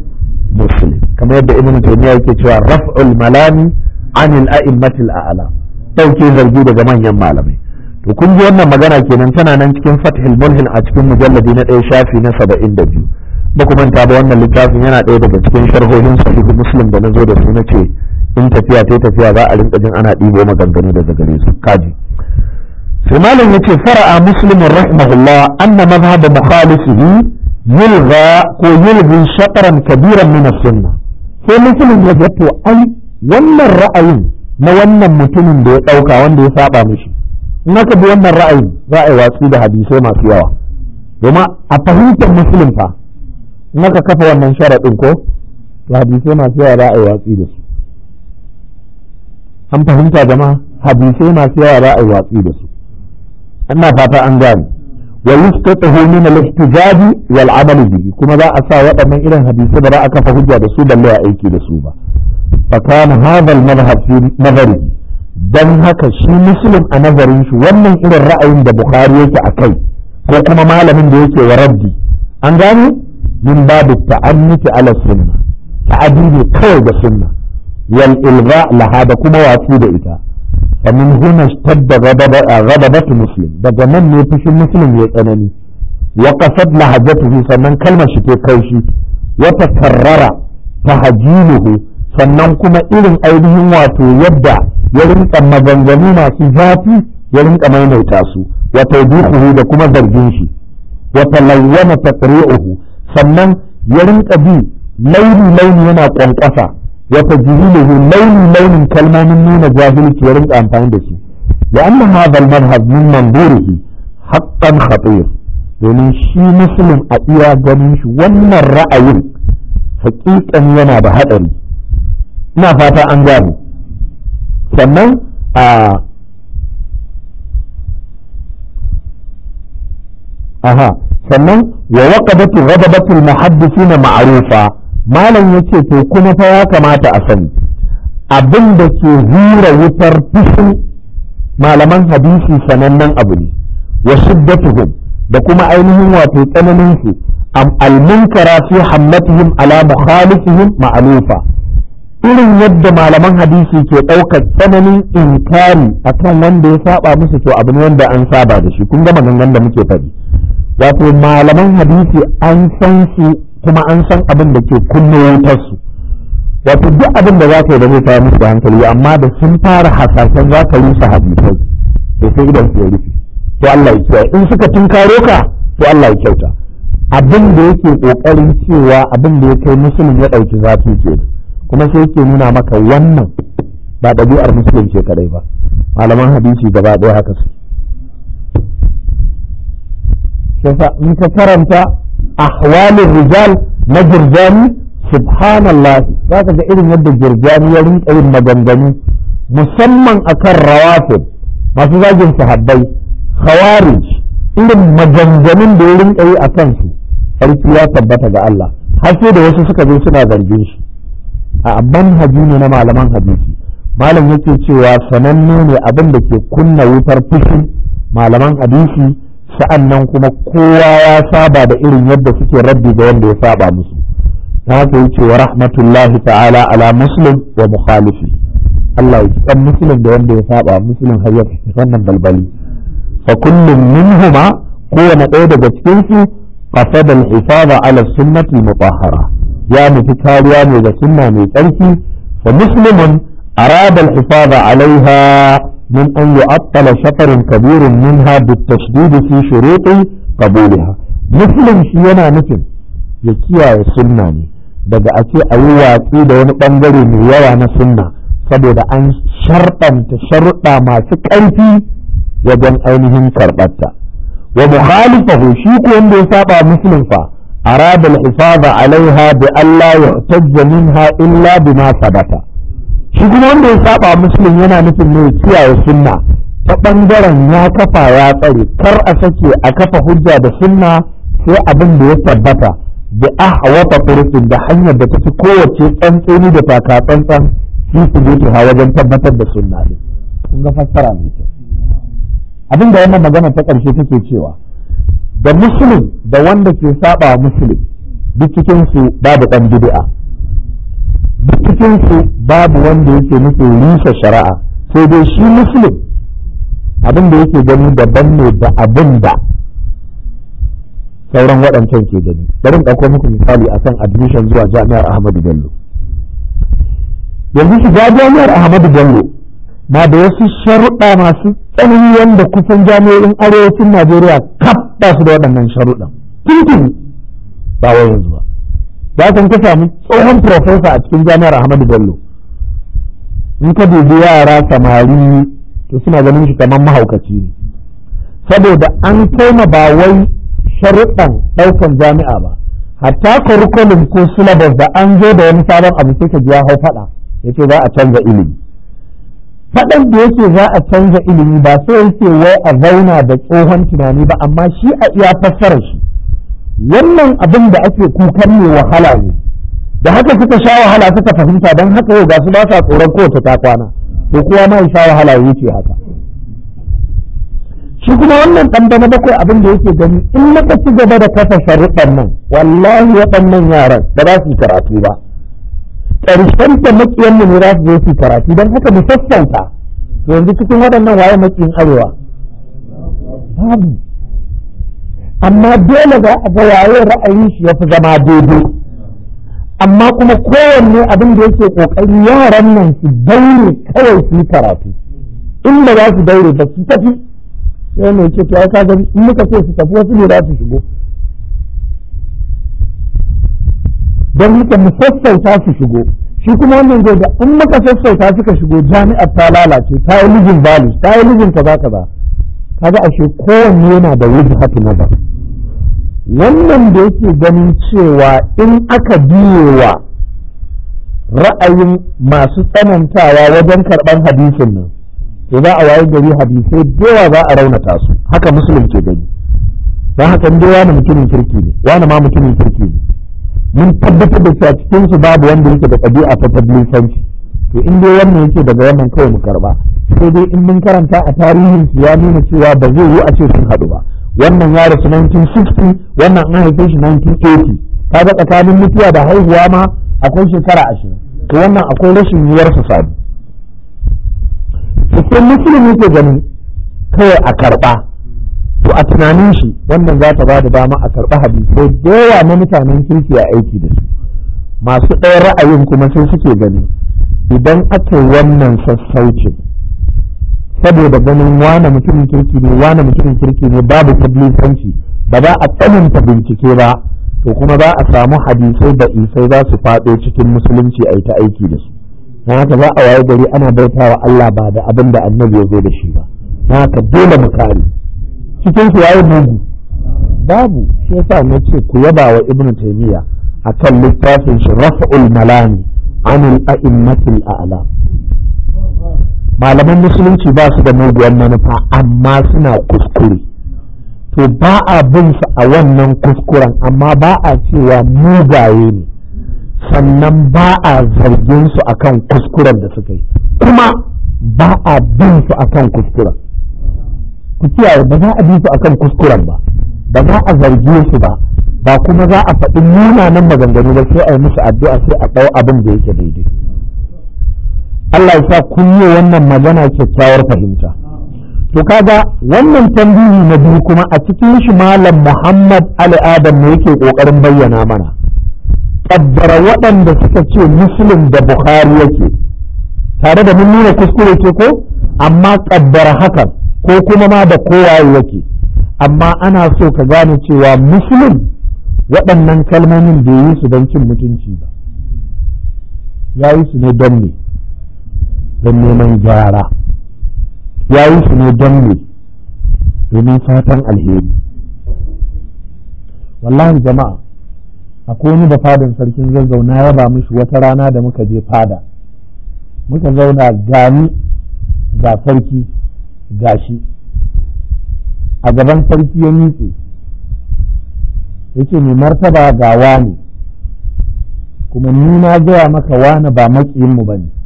muslim kamar yadda ibn taymiya yake cewa raf'ul malami anil a'immatil a'la ɗauke zargi daga manyan malamai to kun ji wannan magana kenan tana nan cikin fathul mulhim a cikin mujalladi na ɗaya shafi na saba'in da biyu ba ku manta ba wannan littafin yana ɗaya daga cikin sharhohin sahihu muslim da na zo da su na ce in tafiya ta tafiya za a rinka jin ana ɗibo maganganu daga gare su kaji sai malam yace fara'a muslimun rahimahullah anna mazhab mukhalifihi yulgha ko yulghi shataran kabiran min as-sunnah sai muslimin ya to ai wannan ra'ayin na wannan mutumin da ya ɗauka wanda ya saba mishi in aka bi wannan ra'ayin za a yi watsi da hadisai masu yawa domin a fahimtar musulun fa maka kafa wannan sharaɗin ko hadisai masu yawa za watsi da su an fahimta jama'a hadisai masu yawa za watsi da su ina fata an gane wa yustatahu min al-ihtijaji wal amal bihi kuma za a sa waɗannan irin hadisai ba za a kafa hujja da su balle a aiki da su ba fa kana hadha al-madhhab fi nazari dan haka shi muslim a nazarin shi wannan irin ra'ayin da bukhari yake akai ko kuma malamin da yake wa raddi an gane min babu ta'annuti ala sunna ta'adidi kawai da sunna yal ilgha laha da kuma watsi da ita fa min huna ishtadda ghadabatu muslim daga nan ne fushin muslim ya tsanani wa qasad lahajatuhu sannan kalma shi ke kaushi wa takarrara tahajiluhu sannan kuma irin ainihin wato yadda ya rinka maganganu masu zafi ya rinka maimaita su wa tawdihuhu da kuma zargin shi wa talawwana taqri'uhu sannan ya rinka bi launi launi yana kwankwasa ya tajhiluhu launi launin kalmomin nuna jahilci ya rinka amfani da shi ya anna hadha al-madhhab min mandurihi haqqan khatir domin shi musulun a iya ganin shi wannan ra'ayin hakikan yana da haɗari ina fata an gane sannan a aha sannan wa waqabatu ghadabatul muhaddisina ma'rufa malam yace to kuma fa ya kamata a sani abin da ke hura wutar fushin malaman hadisi sanannen abu ne wa shiddatuhum da kuma ainihin wato tsananin su am almunkara fi hamlatihim ala mukhalifihim ma'rufa irin yadda malaman hadisi ke ɗaukar tsananin inkari akan wanda ya saba musu to abu wanda an saba da shi kun ga maganganun da muke faɗi wato malaman hadisi an san su kuma an san abin da ke wutar su wato duk abin da za ka yi da zai samu musu da hankali amma da sun fara hasashen za ka rusa hadisai to sai idan su rufe to Allah ya kiyaye in suka tunkaro ka to Allah ya kyauta abin da yake kokarin cewa abin da ya kai musulun ya ɗauki zafi ke kuma sai yake nuna maka wannan ba ɗabi'ar musulun ce kadai ba malaman hadisi gaba ɗaya haka su yasa in ka karanta ahwalin rijal na jirjani subhanallah za ka ga irin yadda jirjani ya rinka yin maganganu musamman akan rawafid masu zagin sahabbai khawarij irin maganganun da ya rinka yi a kansu sarki ya tabbata ga Allah har sai da wasu suka zo suna zargin shi a manhaji ne na malaman hadisi malam yake cewa sananne ne abin da ke kunna wutar fushi malaman hadisi sa'annan kuma kowa ya saba da irin yadda suke rabbi ga wanda ya saba musu ta haka yace wa rahmatullahi ta'ala ala muslim wa mukhalifi Allah ya kan muslim da wanda ya saba muslim har ya wannan balbali fa kullum minhuma kowane ɗaya daga cikin su qasada hifaza ala sunnati mutahhara ya nufi kariya ne ga sunna mai tsarki fa muslimun arada al-hifadha alaiha min من أن يعطل شطر كبير منها بالتشديد في شروط قبولها مثل شينا مثل يكيا سنة daga a ce a yi watsi da wani ɓangare mai yawa na sunna saboda an sharɗanta sharuɗa masu ƙarfi wajen ainihin karɓarta wa mukhalifahu shi ko wanda ya saba muslim fa arada al-hifaza alaiha bi Allah ya tajja minha illa bima sabata shi kuma wanda ya saba musulun yana nufin ne kiyaye sunna ta ɓangaren ya kafa ya tsare kar a sake a kafa hujja da sunna sai abin da ya tabbata da ahwata furufin da hanyar da ta fi kowace tsantseni da taka tsantsan shi su ha wajen tabbatar da sunna ne kun ga fassara mai kyau abin da wannan magana ta ƙarshe take cewa da musulun da wanda ke saba musulun duk cikin su babu ɗan bid'a cikin su babu wanda yake nufin rusa shari'a sai dai shi muslim abin da yake gani daban ne da abin da sauran waɗancan ke gani bari in ɗauko muku misali akan admission zuwa jami'ar Ahmadu Bello yanzu shiga jami'ar Ahmadu Bello na da wasu sharuɗa masu tsanani wanda kusan jami'o'in arewacin Najeriya kaf su da waɗannan sharuɗan tuntun ba wai yanzu ba ba san ka samu tsohon profesa a cikin jami'ar Ahmadu Bello in ka dubi yara samari to suna ganin shi kamar mahaukaci ne saboda an kaima ba wai sharuɗan ɗaukan jami'a ba hatta curriculum ko syllabus da an zo da wani sabon abu sai ka ji hau faɗa yace za a canza ilimi faɗan da yake za a canza ilimi ba sai yake wai a zauna da tsohon tunani ba amma shi a iya fassarar shi wannan abin da ake kukan ne wahala ne da haka suka sha wahala suka fahimta don haka yau ga su ba sa tsoron kowace ta kwana to kuwa ma sha wahala ya ce haka shi kuma wannan ɗan na bakwai abin da yake gani in na ci gaba da kafa sharuɗan nan wallahi waɗannan yaran ba za su yi karatu ba ƙarshen da makiyan mu ne za su je su karatu don haka mu sassauta yanzu cikin waɗannan waye makiyin arewa babu amma dole za a ga waye ra'ayin shi ya fi zama daidai amma kuma kowanne abin da yake kokari yaran nan su daure kawai su yi karatu in ba za su daure ba su tafi sai mai ce to ai ka gani in muka ce su tafi wasu ne za su shigo don haka mu sassauta su shigo shi kuma wannan zai ga in muka sassauta suka shigo jami'ar ta lalace ta yi lijin balis ta yi lijin kaza kaza kaga ashe kowanne yana da wujhatu nazar wannan da yake ganin cewa in aka wa ra'ayin masu tsanantawa wajen karɓar hadisin nan to za a wayar gari hadisai da za a raunata su haka musulun ke gani don haka dai wani mutumin kirki ne wani ma mutumin kirki ne mun tabbatar da cewa cikin su babu wanda yake da ɗabi'a ta tablisanci to in dai wannan yake daga wannan kawai mu karba sai dai in mun karanta a tarihin su ya nuna cewa ba zai yi a ce sun haɗu ba wannan ya rasu 1960 wannan an haife shi 1980 kaga tsakanin mutuwa da haihuwa ma akwai shekara ashirin to wannan akwai rashin yiwuwar su sadu sai musulun yake ganin kawai a karɓa to a tunanin shi wannan za ta ba da dama a karɓa hadisai da yawa na mutanen kirki a aiki da su masu ɗaya ra'ayin kuma sai suke gani idan aka wannan sassauci. saboda ganin wane mutumin kirki ne wane mutumin kirki ne babu tablisanci ba za a tsananta bincike ba to kuma za a samu hadisai da isai za su faɗo cikin musulunci a yi ta aiki da su na haka za a waye gari ana wa Allah ba da abin da annabi ya zo da shi ba na haka dole mu kare cikin su waye mugu babu shi yasa na ce ku yaba wa ibn taymiya akan littafin shi raf'ul malami anil a'immatil a'la malaman musulunci ba su da muguwar manufa amma suna kuskure to ba a bin su a wannan kuskuren amma ba a cewa mugaye ne sannan ba a zargin su akan kuskuren da suka yi kuma ba a bin su akan kuskuren ku kiyaye ba za a bin su akan kuskuren ba ba za a zarge su ba ba kuma za a faɗi munanan maganganu ba sai a yi musu addu'a sai a ɗau abin da yake daidai Allah ya sa kun yi wannan magana kyakkyawar fahimta to kaga wannan tambihi na biyu kuma a cikin shi malam Muhammad Ali Adam ne yake kokarin bayyana mana kaddara waɗanda suka ce Muslim da Bukhari yake tare da mun nuna kuskure ce ko amma kaddara hakan ko kuma ma da kowa yake amma ana so ka gane cewa Muslim waɗannan kalmomin bai yi su don cin mutunci ba ya yi su ne don ne don neman gyara ya yi su ne don ne domin fatan alheri wallahi jama'a akwai wani da fadin sarkin zazzau na raba mishi wata rana da muka je fada muka zauna gani ga sarki ga shi a gaban sarki ya nitse yake mai martaba ga wani kuma ni na gaya maka wani ba makiyinmu ba ne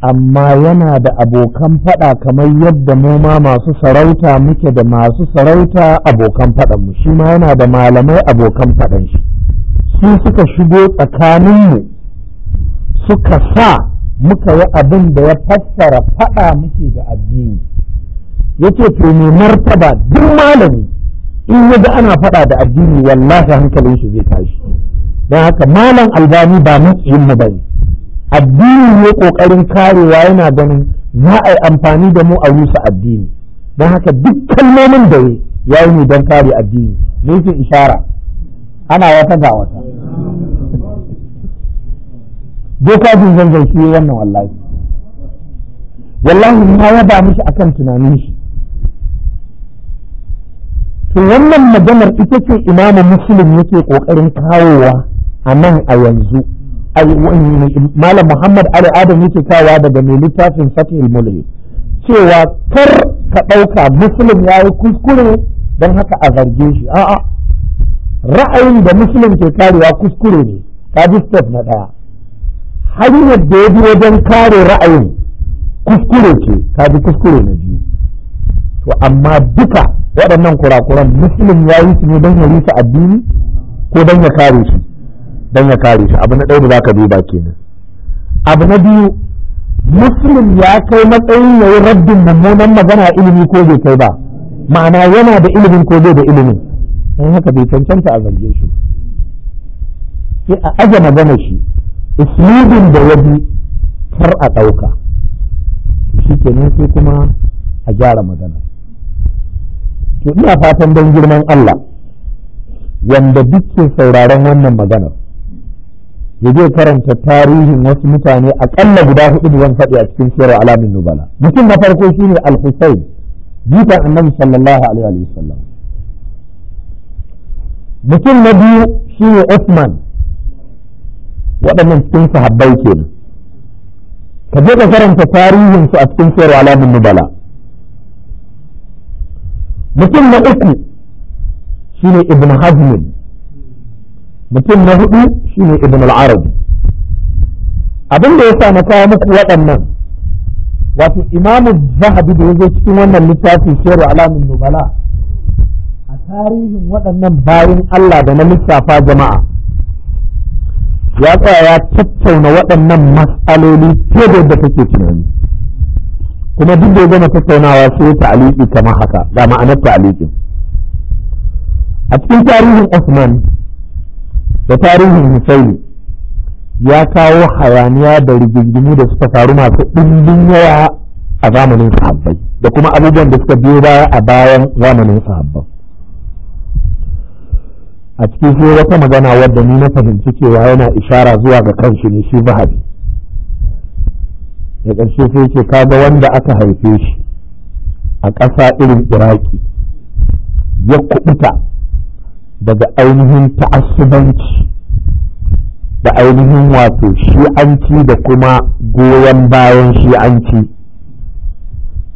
amma yana da abokan faɗa kamar yadda mu ma masu sarauta muke da masu sarauta abokan faɗanmu shi ma yana da malamai abokan faɗan shi su suka shigo tsakaninmu suka sa muka yi abin da ya fassara faɗa muke da addini yake to me martaba duk malami in yadda ana faɗa da addini wallahi hankalin shi zai tashi don haka malam albani ba yin mu bane addini ne kokarin karewa yana ganin za a yi amfani da mu a rusa addini don haka duk kalmomin da ya yi ne don kare addini nufin ishara ana wata ga wata dokokin zanzan shi wannan wallahi wallahi ya ba mishi akan tunanin shi to wannan maganar ita ce imamu muslim yake kokarin kawowa a nan a yanzu malam muhammad ali adam yake kawa daga mai littafin fatihul Mulki cewa kar ka ɗauka muslim ya yi kuskure don haka a zarge shi a'a ra'ayin da muslim ke karewa kuskure ne ji step na ɗaya hanyar da ya bi wajen kare ra'ayin kuskure ce ji kuskure na biyu to amma duka waɗannan kurakuran muslim ya yi su ne don ya rusa addini ko don ya kare shi don ya kare shi abu na ɗaya da ka duba kenan abu na biyu muslim ya kai matsayin ya yi rabbin mummunan magana ilimi ko bai kai ba ma'ana yana da ilimin ko bai da ilimin don haka bai cancanta a zarge shi sai a aje magana shi islibin da ya bi kar a ɗauka shi kenan sai kuma a gyara magana to ina fatan don girman Allah wanda duk ke sauraron wannan maganar ya je karanta tarihin wasu mutane akalla guda hudu da zan faɗi a cikin surar alamin nubala mutum na farko shine al-husayn jikan annabi sallallahu alaihi wa sallam mutum na biyu shine usman waɗannan cikin sahabbai kenan ka je ka karanta tarihin su a cikin surar alamin nubala mutum na uku shine ibn hazmin mutum na hudu shine ibn al-arabi abin da yasa na kawo muku waɗannan wato imamu zahabi da yazo cikin wannan littafin sheru alamin nubala a tarihin waɗannan bayan Allah da na lissafa jama'a ya tsaya ya tattauna waɗannan mas'aloli fiye da take tunani kuma duk da ya gama tattaunawa sai ta'aliki kamar haka da ma'anar ta'alikin a cikin tarihin Osman da tarihin misali ya kawo hayaniya da rigingimu da suka faru masu ɗimbin yawa a zamanin sahabbai da kuma abubuwan da suka biyo baya a bayan zamanin sahabbai a cikin shi wata magana wadda ni na fahimci cewa yana ishara zuwa ga kanshi ne shi bahari da ƙarshe sai ce kaga wanda aka haife shi a ƙasa irin iraki ya kubuta daga ainihin ta'assubanci da ainihin wato shi'anci da kuma goyon bayan shi'anci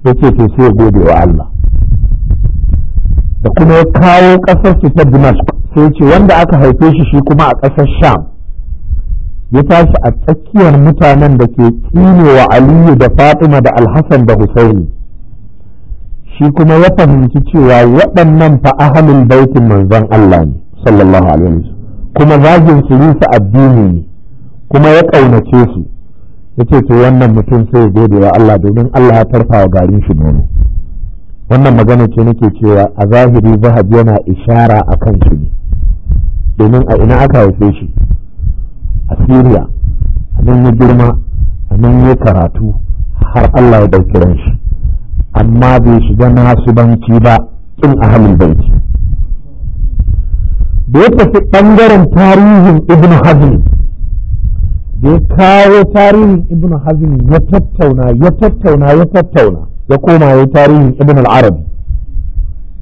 yake to sai gode wa Allah da kuma ya kawo ƙasar su ta Damascus sai ce wanda aka haife shi shi kuma a ƙasar Sham ya tashi a tsakiyar mutanen da ke tsinewa Aliyu da Fatima da Alhassan da Husaini shi kuma ya fahimci cewa waɗannan fa ahalin baitin manzon Allah ne sallallahu alaihi wasallam kuma zagin su su addini ne kuma ya ƙaunace su yace to wannan mutum sai ya gode wa Allah domin Allah ya tarfa garin shi nono wannan magana ce nake cewa a zahiri zahab yana ishara a kan shi ne domin a ina aka haife shi a Syria a nan ya girma a nan ya karatu har Allah ya ɗauki ran shi amma bai shiga nasibanci ba in ahalul baiti da ya tafi ɓangaren tarihin ibn hazm da ya kawo tarihin ibn hazm ya tattauna ya tattauna ya tattauna ya koma ya tarihin ibn al-arabi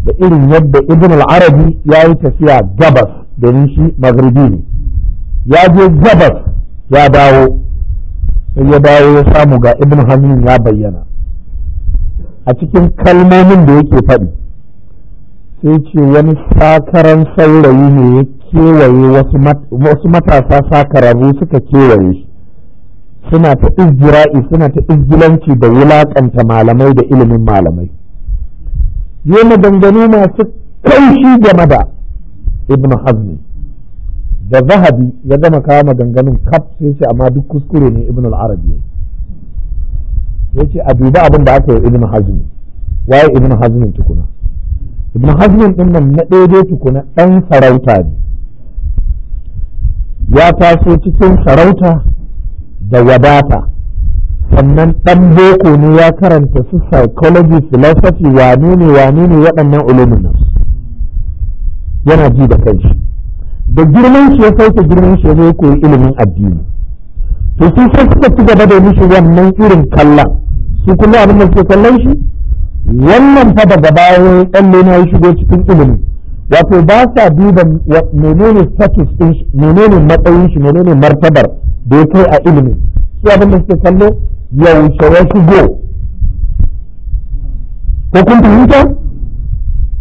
da irin yadda ibn al-arabi ya yi tafiya gabas domin shi maghribi ne ya je gabas ya dawo sai ya dawo ya samu ga ibn hazm ya bayyana a cikin kalmomin da yake faɗi sai ce wani sakaran saurayi ne ya kewaye wasu matasa sakararru suka kewaye shi suna ta izgira'i suna ta izgilanci da wulaƙanta malamai da ilimin malamai yi dangane masu kaushi game da ibn hazmi da zahabi ya gama kama maganganun kaf sai ce amma duk kuskure ne ibn al-arabi ce a duba abin da aka yi ibn hazm waye ibn hazm tukuna ibn hazm din nan na daidai tukuna dan sarauta ne ya taso cikin sarauta da wadata sannan dan boko ne ya karanta su psychology philosophy wane ne wane ne waɗannan ulumin yana ji da kai da girman shi ya sauke girman shi ya koyi ilimin addini to su sai suka ci gaba da mishi wannan irin kalla, su kuma abin da suke kallon shi wannan fa daga bayan tsalle na ya shigo cikin ilimi wato ba sa duba menene status din shi menene matsayin shi menene martabar da ya kai a ilimi su abin da suke kallo yaushe wuce ya shigo ko kun fahimta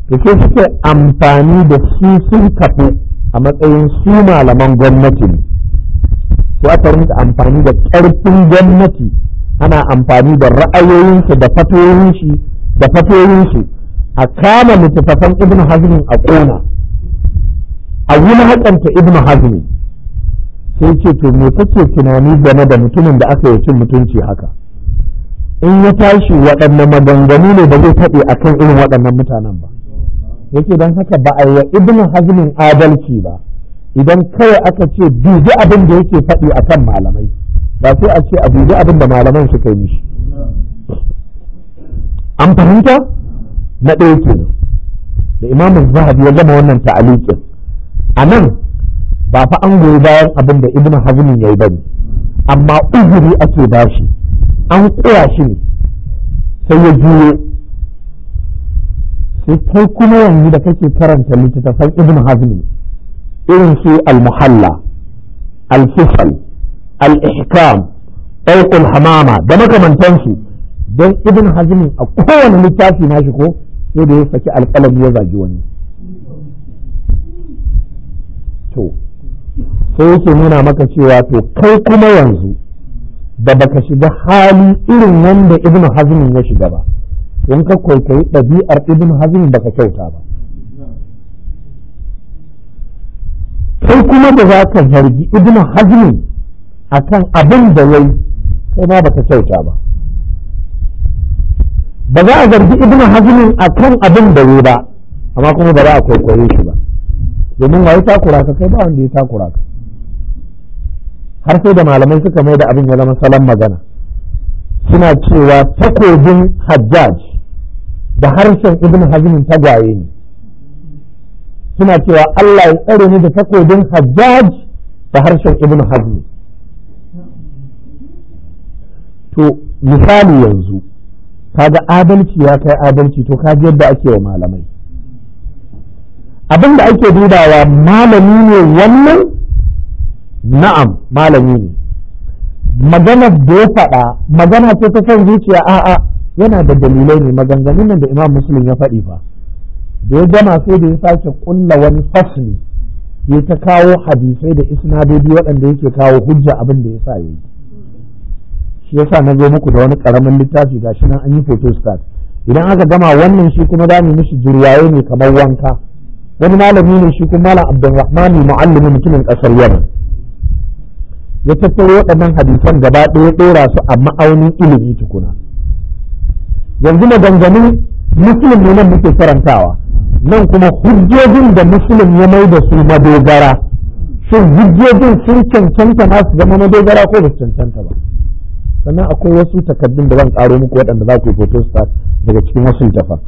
to sai suke amfani da su sun kafu a matsayin su malaman gwamnati ne ko aka rinka amfani da ƙarfin gwamnati ana amfani da ra'ayoyinsu da fatoyinsu da fatoyinsu a kama littattafan ibn hazmin a ƙona a wulhaƙanta ibn hazmin sai ce to me kake tunani game da mutumin da aka yi cin mutunci haka in ya tashi waɗanne maganganu ne ba zai taɓe a kan irin waɗannan mutanen ba yake don haka ba a yi wa ibn hazmin adalci ba idan kawai aka ce dubi abin da yake faɗi a kan malamai ba sai a ce a dubi abin da malaman suka yi shi an fahimta na ɗaya da imamun zahabi ya gama wannan ta'alikin a nan ba fa an goyi bayan abin da ibnu hazmin ya yi ba amma uzuri ake bashi an kura shi ne sai ya juyo sai kai kuma yanzu da kake karanta littattafan ibnu hazmin irin su al-muhalla al-fusal al-ihkam ɗaukul hamama da makamantansu don ibn hazmin a kowane littafi na shi ko sai da ya saki alƙalam ya zagi wani to sai yake nuna maka cewa to kai kuma yanzu da baka shiga hali irin wanda ibn hazmin ya shiga ba in ka kwaikwayi ɗabi'ar ibn hazmin baka kyauta ba sai kuma da za ka zargi ibn hazmin kan abin da yi sai ma ka kyauta ba ba za a zargi ibn hazmin kan abin da yi ba amma kuma ba za a kwaikwaye shi ba domin waye takura ka kai ba wanda ya takura ka har sai da malamai suka mai da abin ya zama salon magana suna cewa takobin hajjaj da harshen ibn hazmin tagaye ne suna cewa Allah ya tsare ni da takobin hajjaj da harshen ibn hajji. to misali yanzu kaga adalci ya kai adalci to kaji yadda ake wa malamai abin da ake dubawa malami ne wannan na'am malami ne magana da ya faɗa magana ce ta son zuciya a'a yana da dalilai ne maganganun nan da imam muslim ya faɗi fa da ya gama sai da ya sake kulla wani fasli ya ta kawo hadisai da isnadodi waɗanda yake kawo hujja abin da ya sa yi shi yasa na zo muku da wani karamin littafi shi nan an yi foto start idan aka gama wannan shi kuma za mu mishi jirwaye ne kamar wanka wani malami ne shi kuma malam abdulrahman muallimin mutumin kasar yaman ya tattaro waɗannan hadisan gaba ɗaya ɗora su a ma'aunin ilimi tukuna yanzu maganganun muslim ne nan muke karantawa nan kuma hujjojin da musulun ya mai da su madogara shin hujjojin sun cancanta na su zama madogara ko ba cancanta ba sannan akwai wasu takaddun da zan karo muku waɗanda za ku foto su daga cikin wasu littafan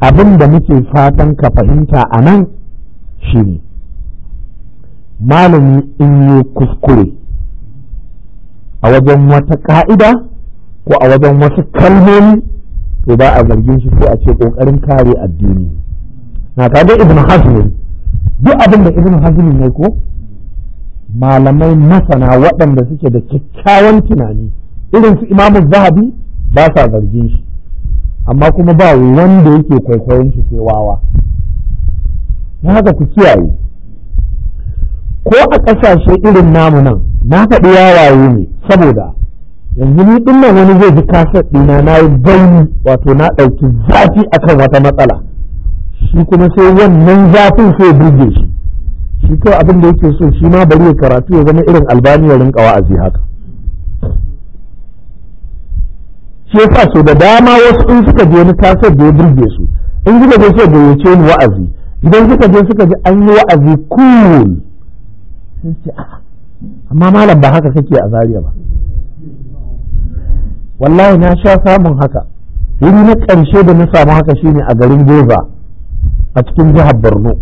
abin da muke fatan ka fahimta a nan ne, malami in yi kuskure a wajen wata ka'ida ko a wajen wasu kalmomi to ba a zargin shi ko a ce kokarin kare addini na kaga ibn hazm duk abin da ibn hazm ne ko malamai masana waɗanda suke da kyakkyawan tunani irin su imamu zahabi ba sa zargin shi amma kuma ba wanda yake kwaikwayon shi sai wawa na haka ku kiyaye ko a ƙasashe irin namu nan na faɗi yawaye ne saboda yanzu ni din nan wani zai ji kasar ɗina na yi bayi wato na ɗauki zafi akan wata matsala shi kuma sai wannan zafin sai burge shi shi kawai abin da yake so shi ma bari ya karatu ya zama irin albaniya ya rinka wa'azi haka shi sa so da dama wasu in suka je wani kasar da ya burge su in suka je sai gayyace ni wa'azi idan suka je suka ji an yi wa'azi cool sai ce amma malam ba haka kake a zariya ba wallahi na sha samun haka wuri na ƙarshe da na samu haka shine a garin goza a cikin jihar borno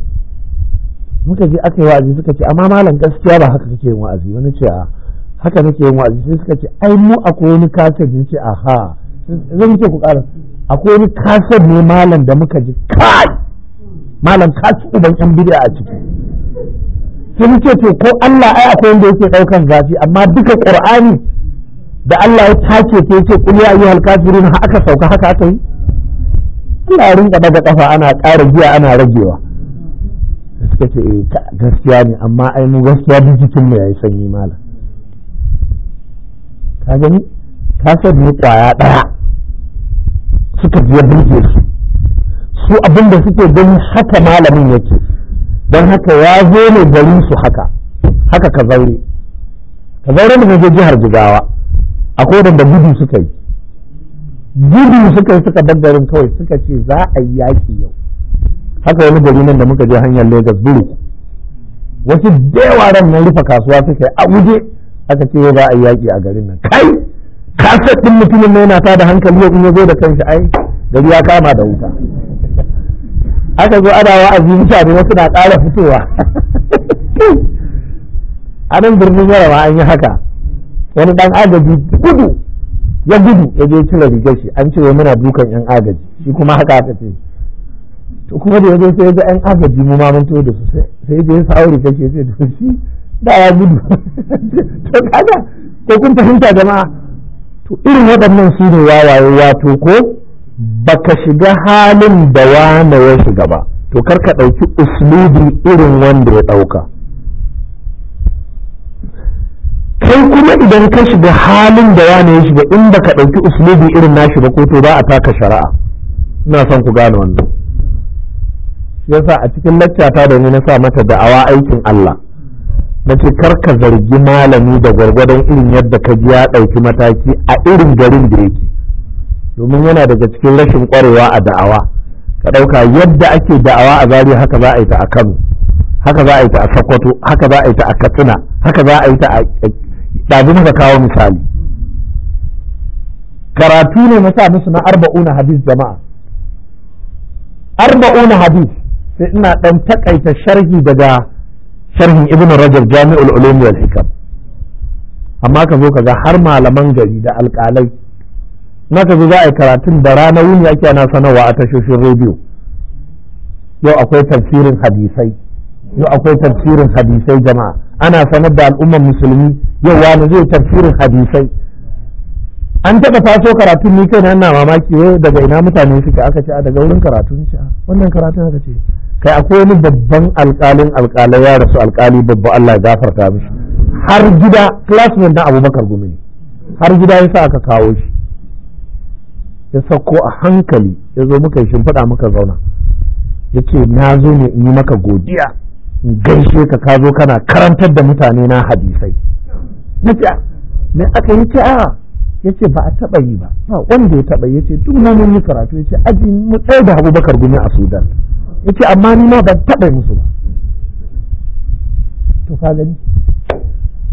muka je aka yi wa'azi suka ce amma malam gaskiya ba haka kake yin wa'azi wani ce a haka nake yin wa'azi sai suka ce ai mu akwai wani kasar ne ce aha zan ce ku ƙara akwai wani kasar ne malam da muka ji kai malam kasu ci uban yan bid'a a ciki sai ce to ko Allah ai akwai wanda yake daukan zafi amma duka qur'ani da Allah ya tace ta ce qul ya ayyuhal kafirun ha aka sauka haka aka yi Allah ya rinka daga kafa ana ƙara giya ana ragewa suka ce eh gaskiya ne amma ai mu gaskiya jikinmu mu yayi sanyi malam ka gani ka ne kwaya daya suka biya burge su su abin da suke gani haka malamin yake don haka ya zo ne garin su haka haka ka zaure ka zaure da je jihar jigawa akwai da gudu suka yi gudu suka yi suka garin kawai suka ce za a yi yaƙi yau haka wani gari nan da muka je hanyar Legas Buru wasu da yawa ran nan rufe kasuwa suka yi a guje aka ce za a yi yaƙi a garin nan kai kasar ɗin mutumin na yana ta da hankali yau in ya zo da kanshi ai gari ya kama da wuta aka zo ana wa'azi ne wasu na ƙara fitowa a nan birnin yarawa an yi haka wani dan agaji gudu ya gudu ya je cire rigar shi an ce muna dukan yan agaji shi kuma haka aka ce to kuma da yazo sai ya ga yan agaji mu ma mun to da su sai je sawo rigar shi sai da shi da ya gudu to kaga ko kun fahimta jama'a to irin waɗannan su ne wawaye wato ko baka shiga halin da wane ya shiga ba to kar ka ɗauki uslubi irin wanda ya ɗauka sai kuma idan ka shiga halin da wani ya shiga inda ka ɗauki usulubi irin nashi ba ko to ba a taka shari'a ina son ku gane wannan yasa a cikin laccata da ni na sa mata da'awa aikin Allah na ce ka zargi malami da gwargwadon irin yadda ka ji ya ɗauki mataki a irin garin da yake domin yana daga cikin rashin ƙwarewa a da'awa ka ɗauka yadda ake da'awa a zari haka za a yi ta a kano haka za a yi ta a sokoto haka za a yi ta a katsina haka za a yi ta a ɗazu muka kawo misali karatu ne na sa musu na arba'una hadis jama'a arba'una hadis sai ina ɗan takaita sharhi daga sharhin ibn rajab jami'ul ulum wal hikam amma ka zo ka ga har malaman gari da alƙalai na ka zo za a yi karatun da rana wuni ake ana sanarwa a tashoshin rediyo yau akwai tafsirin hadisai yau akwai tafsirin hadisai jama'a ana sanar da al'ummar musulmi yau wani zai tafsirin hadisai an taɓa faso karatun ni kai na mamaki wai daga ina mutane suke aka ce a daga wurin karatun ce wannan karatun aka ce kai akwai wani babban alƙalin alƙalai ya rasu alƙali babba Allah ya gafarta mishi har gida classmate na Abubakar Gumi har gida ya sa aka kawo shi ya sauko a hankali ya zo muka yi shimfiɗa muka zauna ya ce na zo ne in yi maka godiya gaishe ka ka zo kana karantar da mutane na hadisai na ce ah, me aka yi ce a ah. ya ce ba a taɓa yi ba ba wanda ya taɓa ya ce duk na mun yi karatu ya ce aji mu tsaye da abubakar gumi a sudan ya ce amma ni ma ban taɓa musu ba to ka gani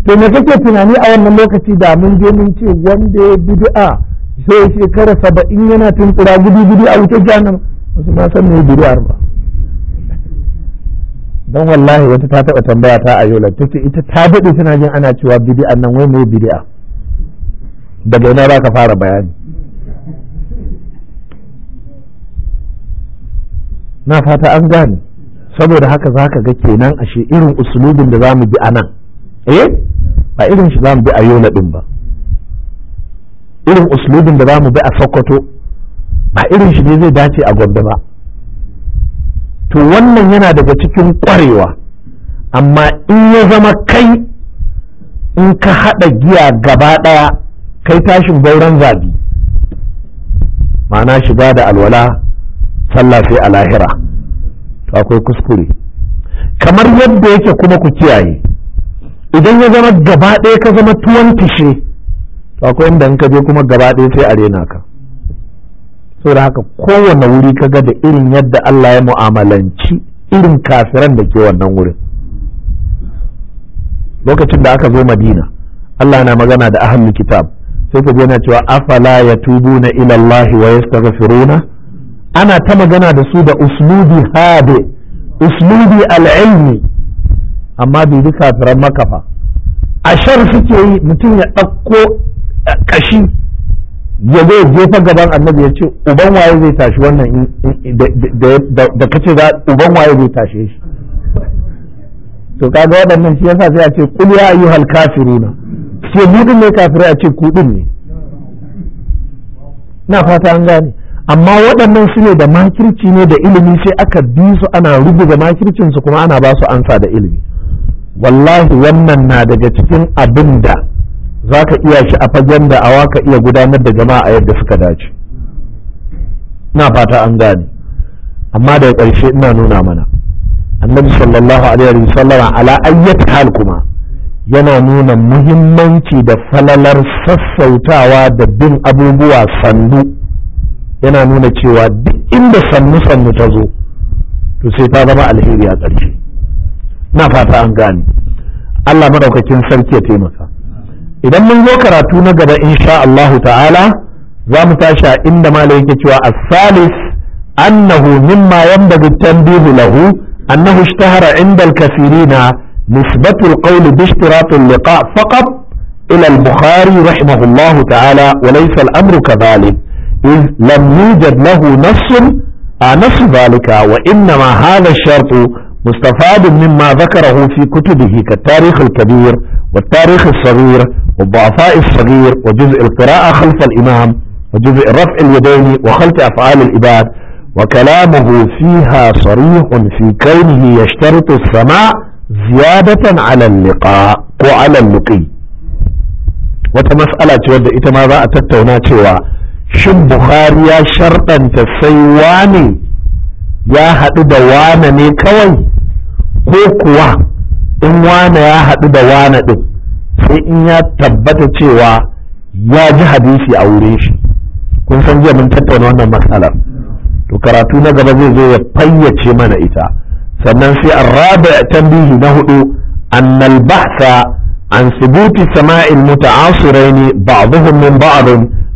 to me kake tunani a wannan lokaci da mun je mun ce wanda ya bid'a sai shekara saba'in yana tunkura gudu gudu a wuce jahannama wasu ma san me bid'ar ba don wallahi wata ta taɓa tambaya ta a yola ta ce ita ta daɗe tana jin ana cewa bidi'a nan wai mai bidi'a daga ina za ka fara bayani na fata an gane saboda haka za ka ga kenan ashe irin usulubin da za mu bi a nan eh ba irin shi za mu bi a yola ɗin ba irin usulubin da za mu bi a sokoto ba irin shi ne zai dace a gombe ba to wannan yana daga cikin ƙwarewa amma in ya zama kai in ka haɗa giya gaba ɗaya kai tashin bauran zabi ma'ana shiga da alwala sallah sai a lahira to akwai kuskure kamar yadda yake kuma ku kiyaye idan ya zama gaba ɗaya ka zama tuwon tishe to akwai inda in ka je kuma gaba ɗaya sai a rena ka saboda haka kowane wuri ka ga da irin yadda Allah ya mu'amalanci irin kafiran da ke wannan wurin lokacin da aka zo madina Allah na magana da ahlul kitab sai ka yana cewa afala yatubuna ila Allah wa yastaghfiruna ana ta magana da su da uslubi hade uslubi al'ilmi amma bai bi kafiran makafa a shar suke yi mutum ya ɗauko eh, kashi ya zai jefa gaban annabi ya ce uban waye zai tashi wannan da kace za uban waye zai tashe shi to kaga waɗannan shi yasa sai a ce qul ya ayyuhal kafiruna ce ni din ne kafirai a ce ku din ne na fata an gane amma waɗannan su ne da makirci ne da ilimi sai aka bi su ana rubuta makircin su kuma ana ba su ansa da ilimi wallahi wannan na daga cikin abinda. za ka iya shi a fagen da awa ka iya gudanar da jama'a a yadda suka dace na fata an gane amma daga ƙarshe ina nuna mana annabi sallallahu alaihi wa sallam ala ayyat hal kuma yana nuna muhimmanci da falalar sassautawa da bin abubuwa sandu yana nuna cewa duk inda sannu sannu ta zo to sai ta zama alheri a ƙarshe na fata an gane Allah madaukakin sarki ya taimaka idan mun zo karatu na gaba insha Allah ta'ala za mu tashi a inda malai yake cewa as-salis annahu mimma yanbaghi tanbihu lahu annahu ishtahara inda al-kathirina nisbatu al-qawl bi ishtirat al-liqa' faqat ila al-bukhari rahimahullah ta'ala wa laysa al-amru kadhalik إذ لم يوجد له نص نص ذلك وإنما هذا الشرط مستفاد مما ذكره في كتبه كالتاريخ الكبير والتاريخ الصغير والضعفاء الصغير وجزء القراءة خلف الإمام وجزء رفع اليدين وخلف أفعال الإباد وكلامه فيها صريح في كونه يشترط السماء زيادة على اللقاء وعلى اللقي وتمسألة ودى إتما ذا أتتونا شوى شن بخاريا شرطا تسيواني يا هدو دوانا كوي كوكوا إن وانا يا هدو دوانا دو sai in ya tabbata cewa ya ji hadisi a wurin shi kun san jiya mun tattauna wannan matsalar to karatu na gaba zai zo ya fayyace mana ita sannan sai arraba tambihi na hudu annal bahsa an subuti sama'il muta'asiraini ba'dhum min ba'd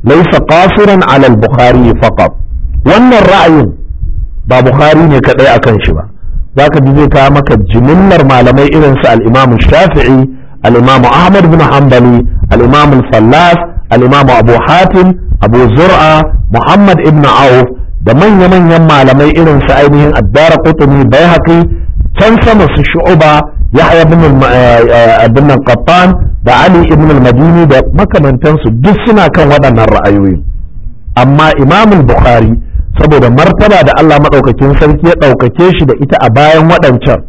laysa qasiran 'ala al-bukhari faqat wannan ra'ayin ba bukhari ne kadai akan shi ba zaka ji zai kawo maka jimillar malamai irin su al-imam shafi'i al ahmad bin hanbali al-imam al-fallas al abu hatim abu zur'a muhammad ibn auf da manya-manyan malamai irin su ainihin addara kutumi bai haƙi can sama su shu'uba yahya eh, bin qattan da ali ibn madini da makamantansu duk suna kan waɗannan ra'ayoyi amma imam bukhari saboda martaba da Allah maɗaukakin sarki ya ɗaukace shi da ita a bayan waɗancan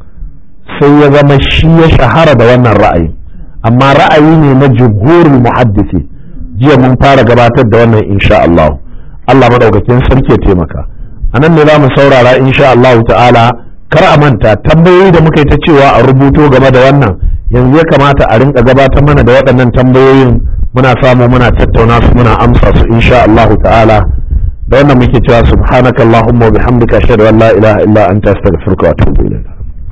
sai ya zama shi ya shahara da wannan ra'ayin amma ra'ayi ne na jumhurul muhaddisi jiya mun fara gabatar da wannan insha Allah Allah madaukakin sarki ya taimaka anan ne za mu saurara insha Allah ta'ala kar a manta tambayoyi da muka yi ta cewa a rubuto game da wannan yanzu ya kamata a rinka gabatar mana da waɗannan tambayoyin muna samu muna tattauna su muna amsa su insha Allah ta'ala da wannan muke cewa subhanakallahumma wa bihamdika ashhadu an la ilaha illa anta astaghfiruka wa atubu ilayk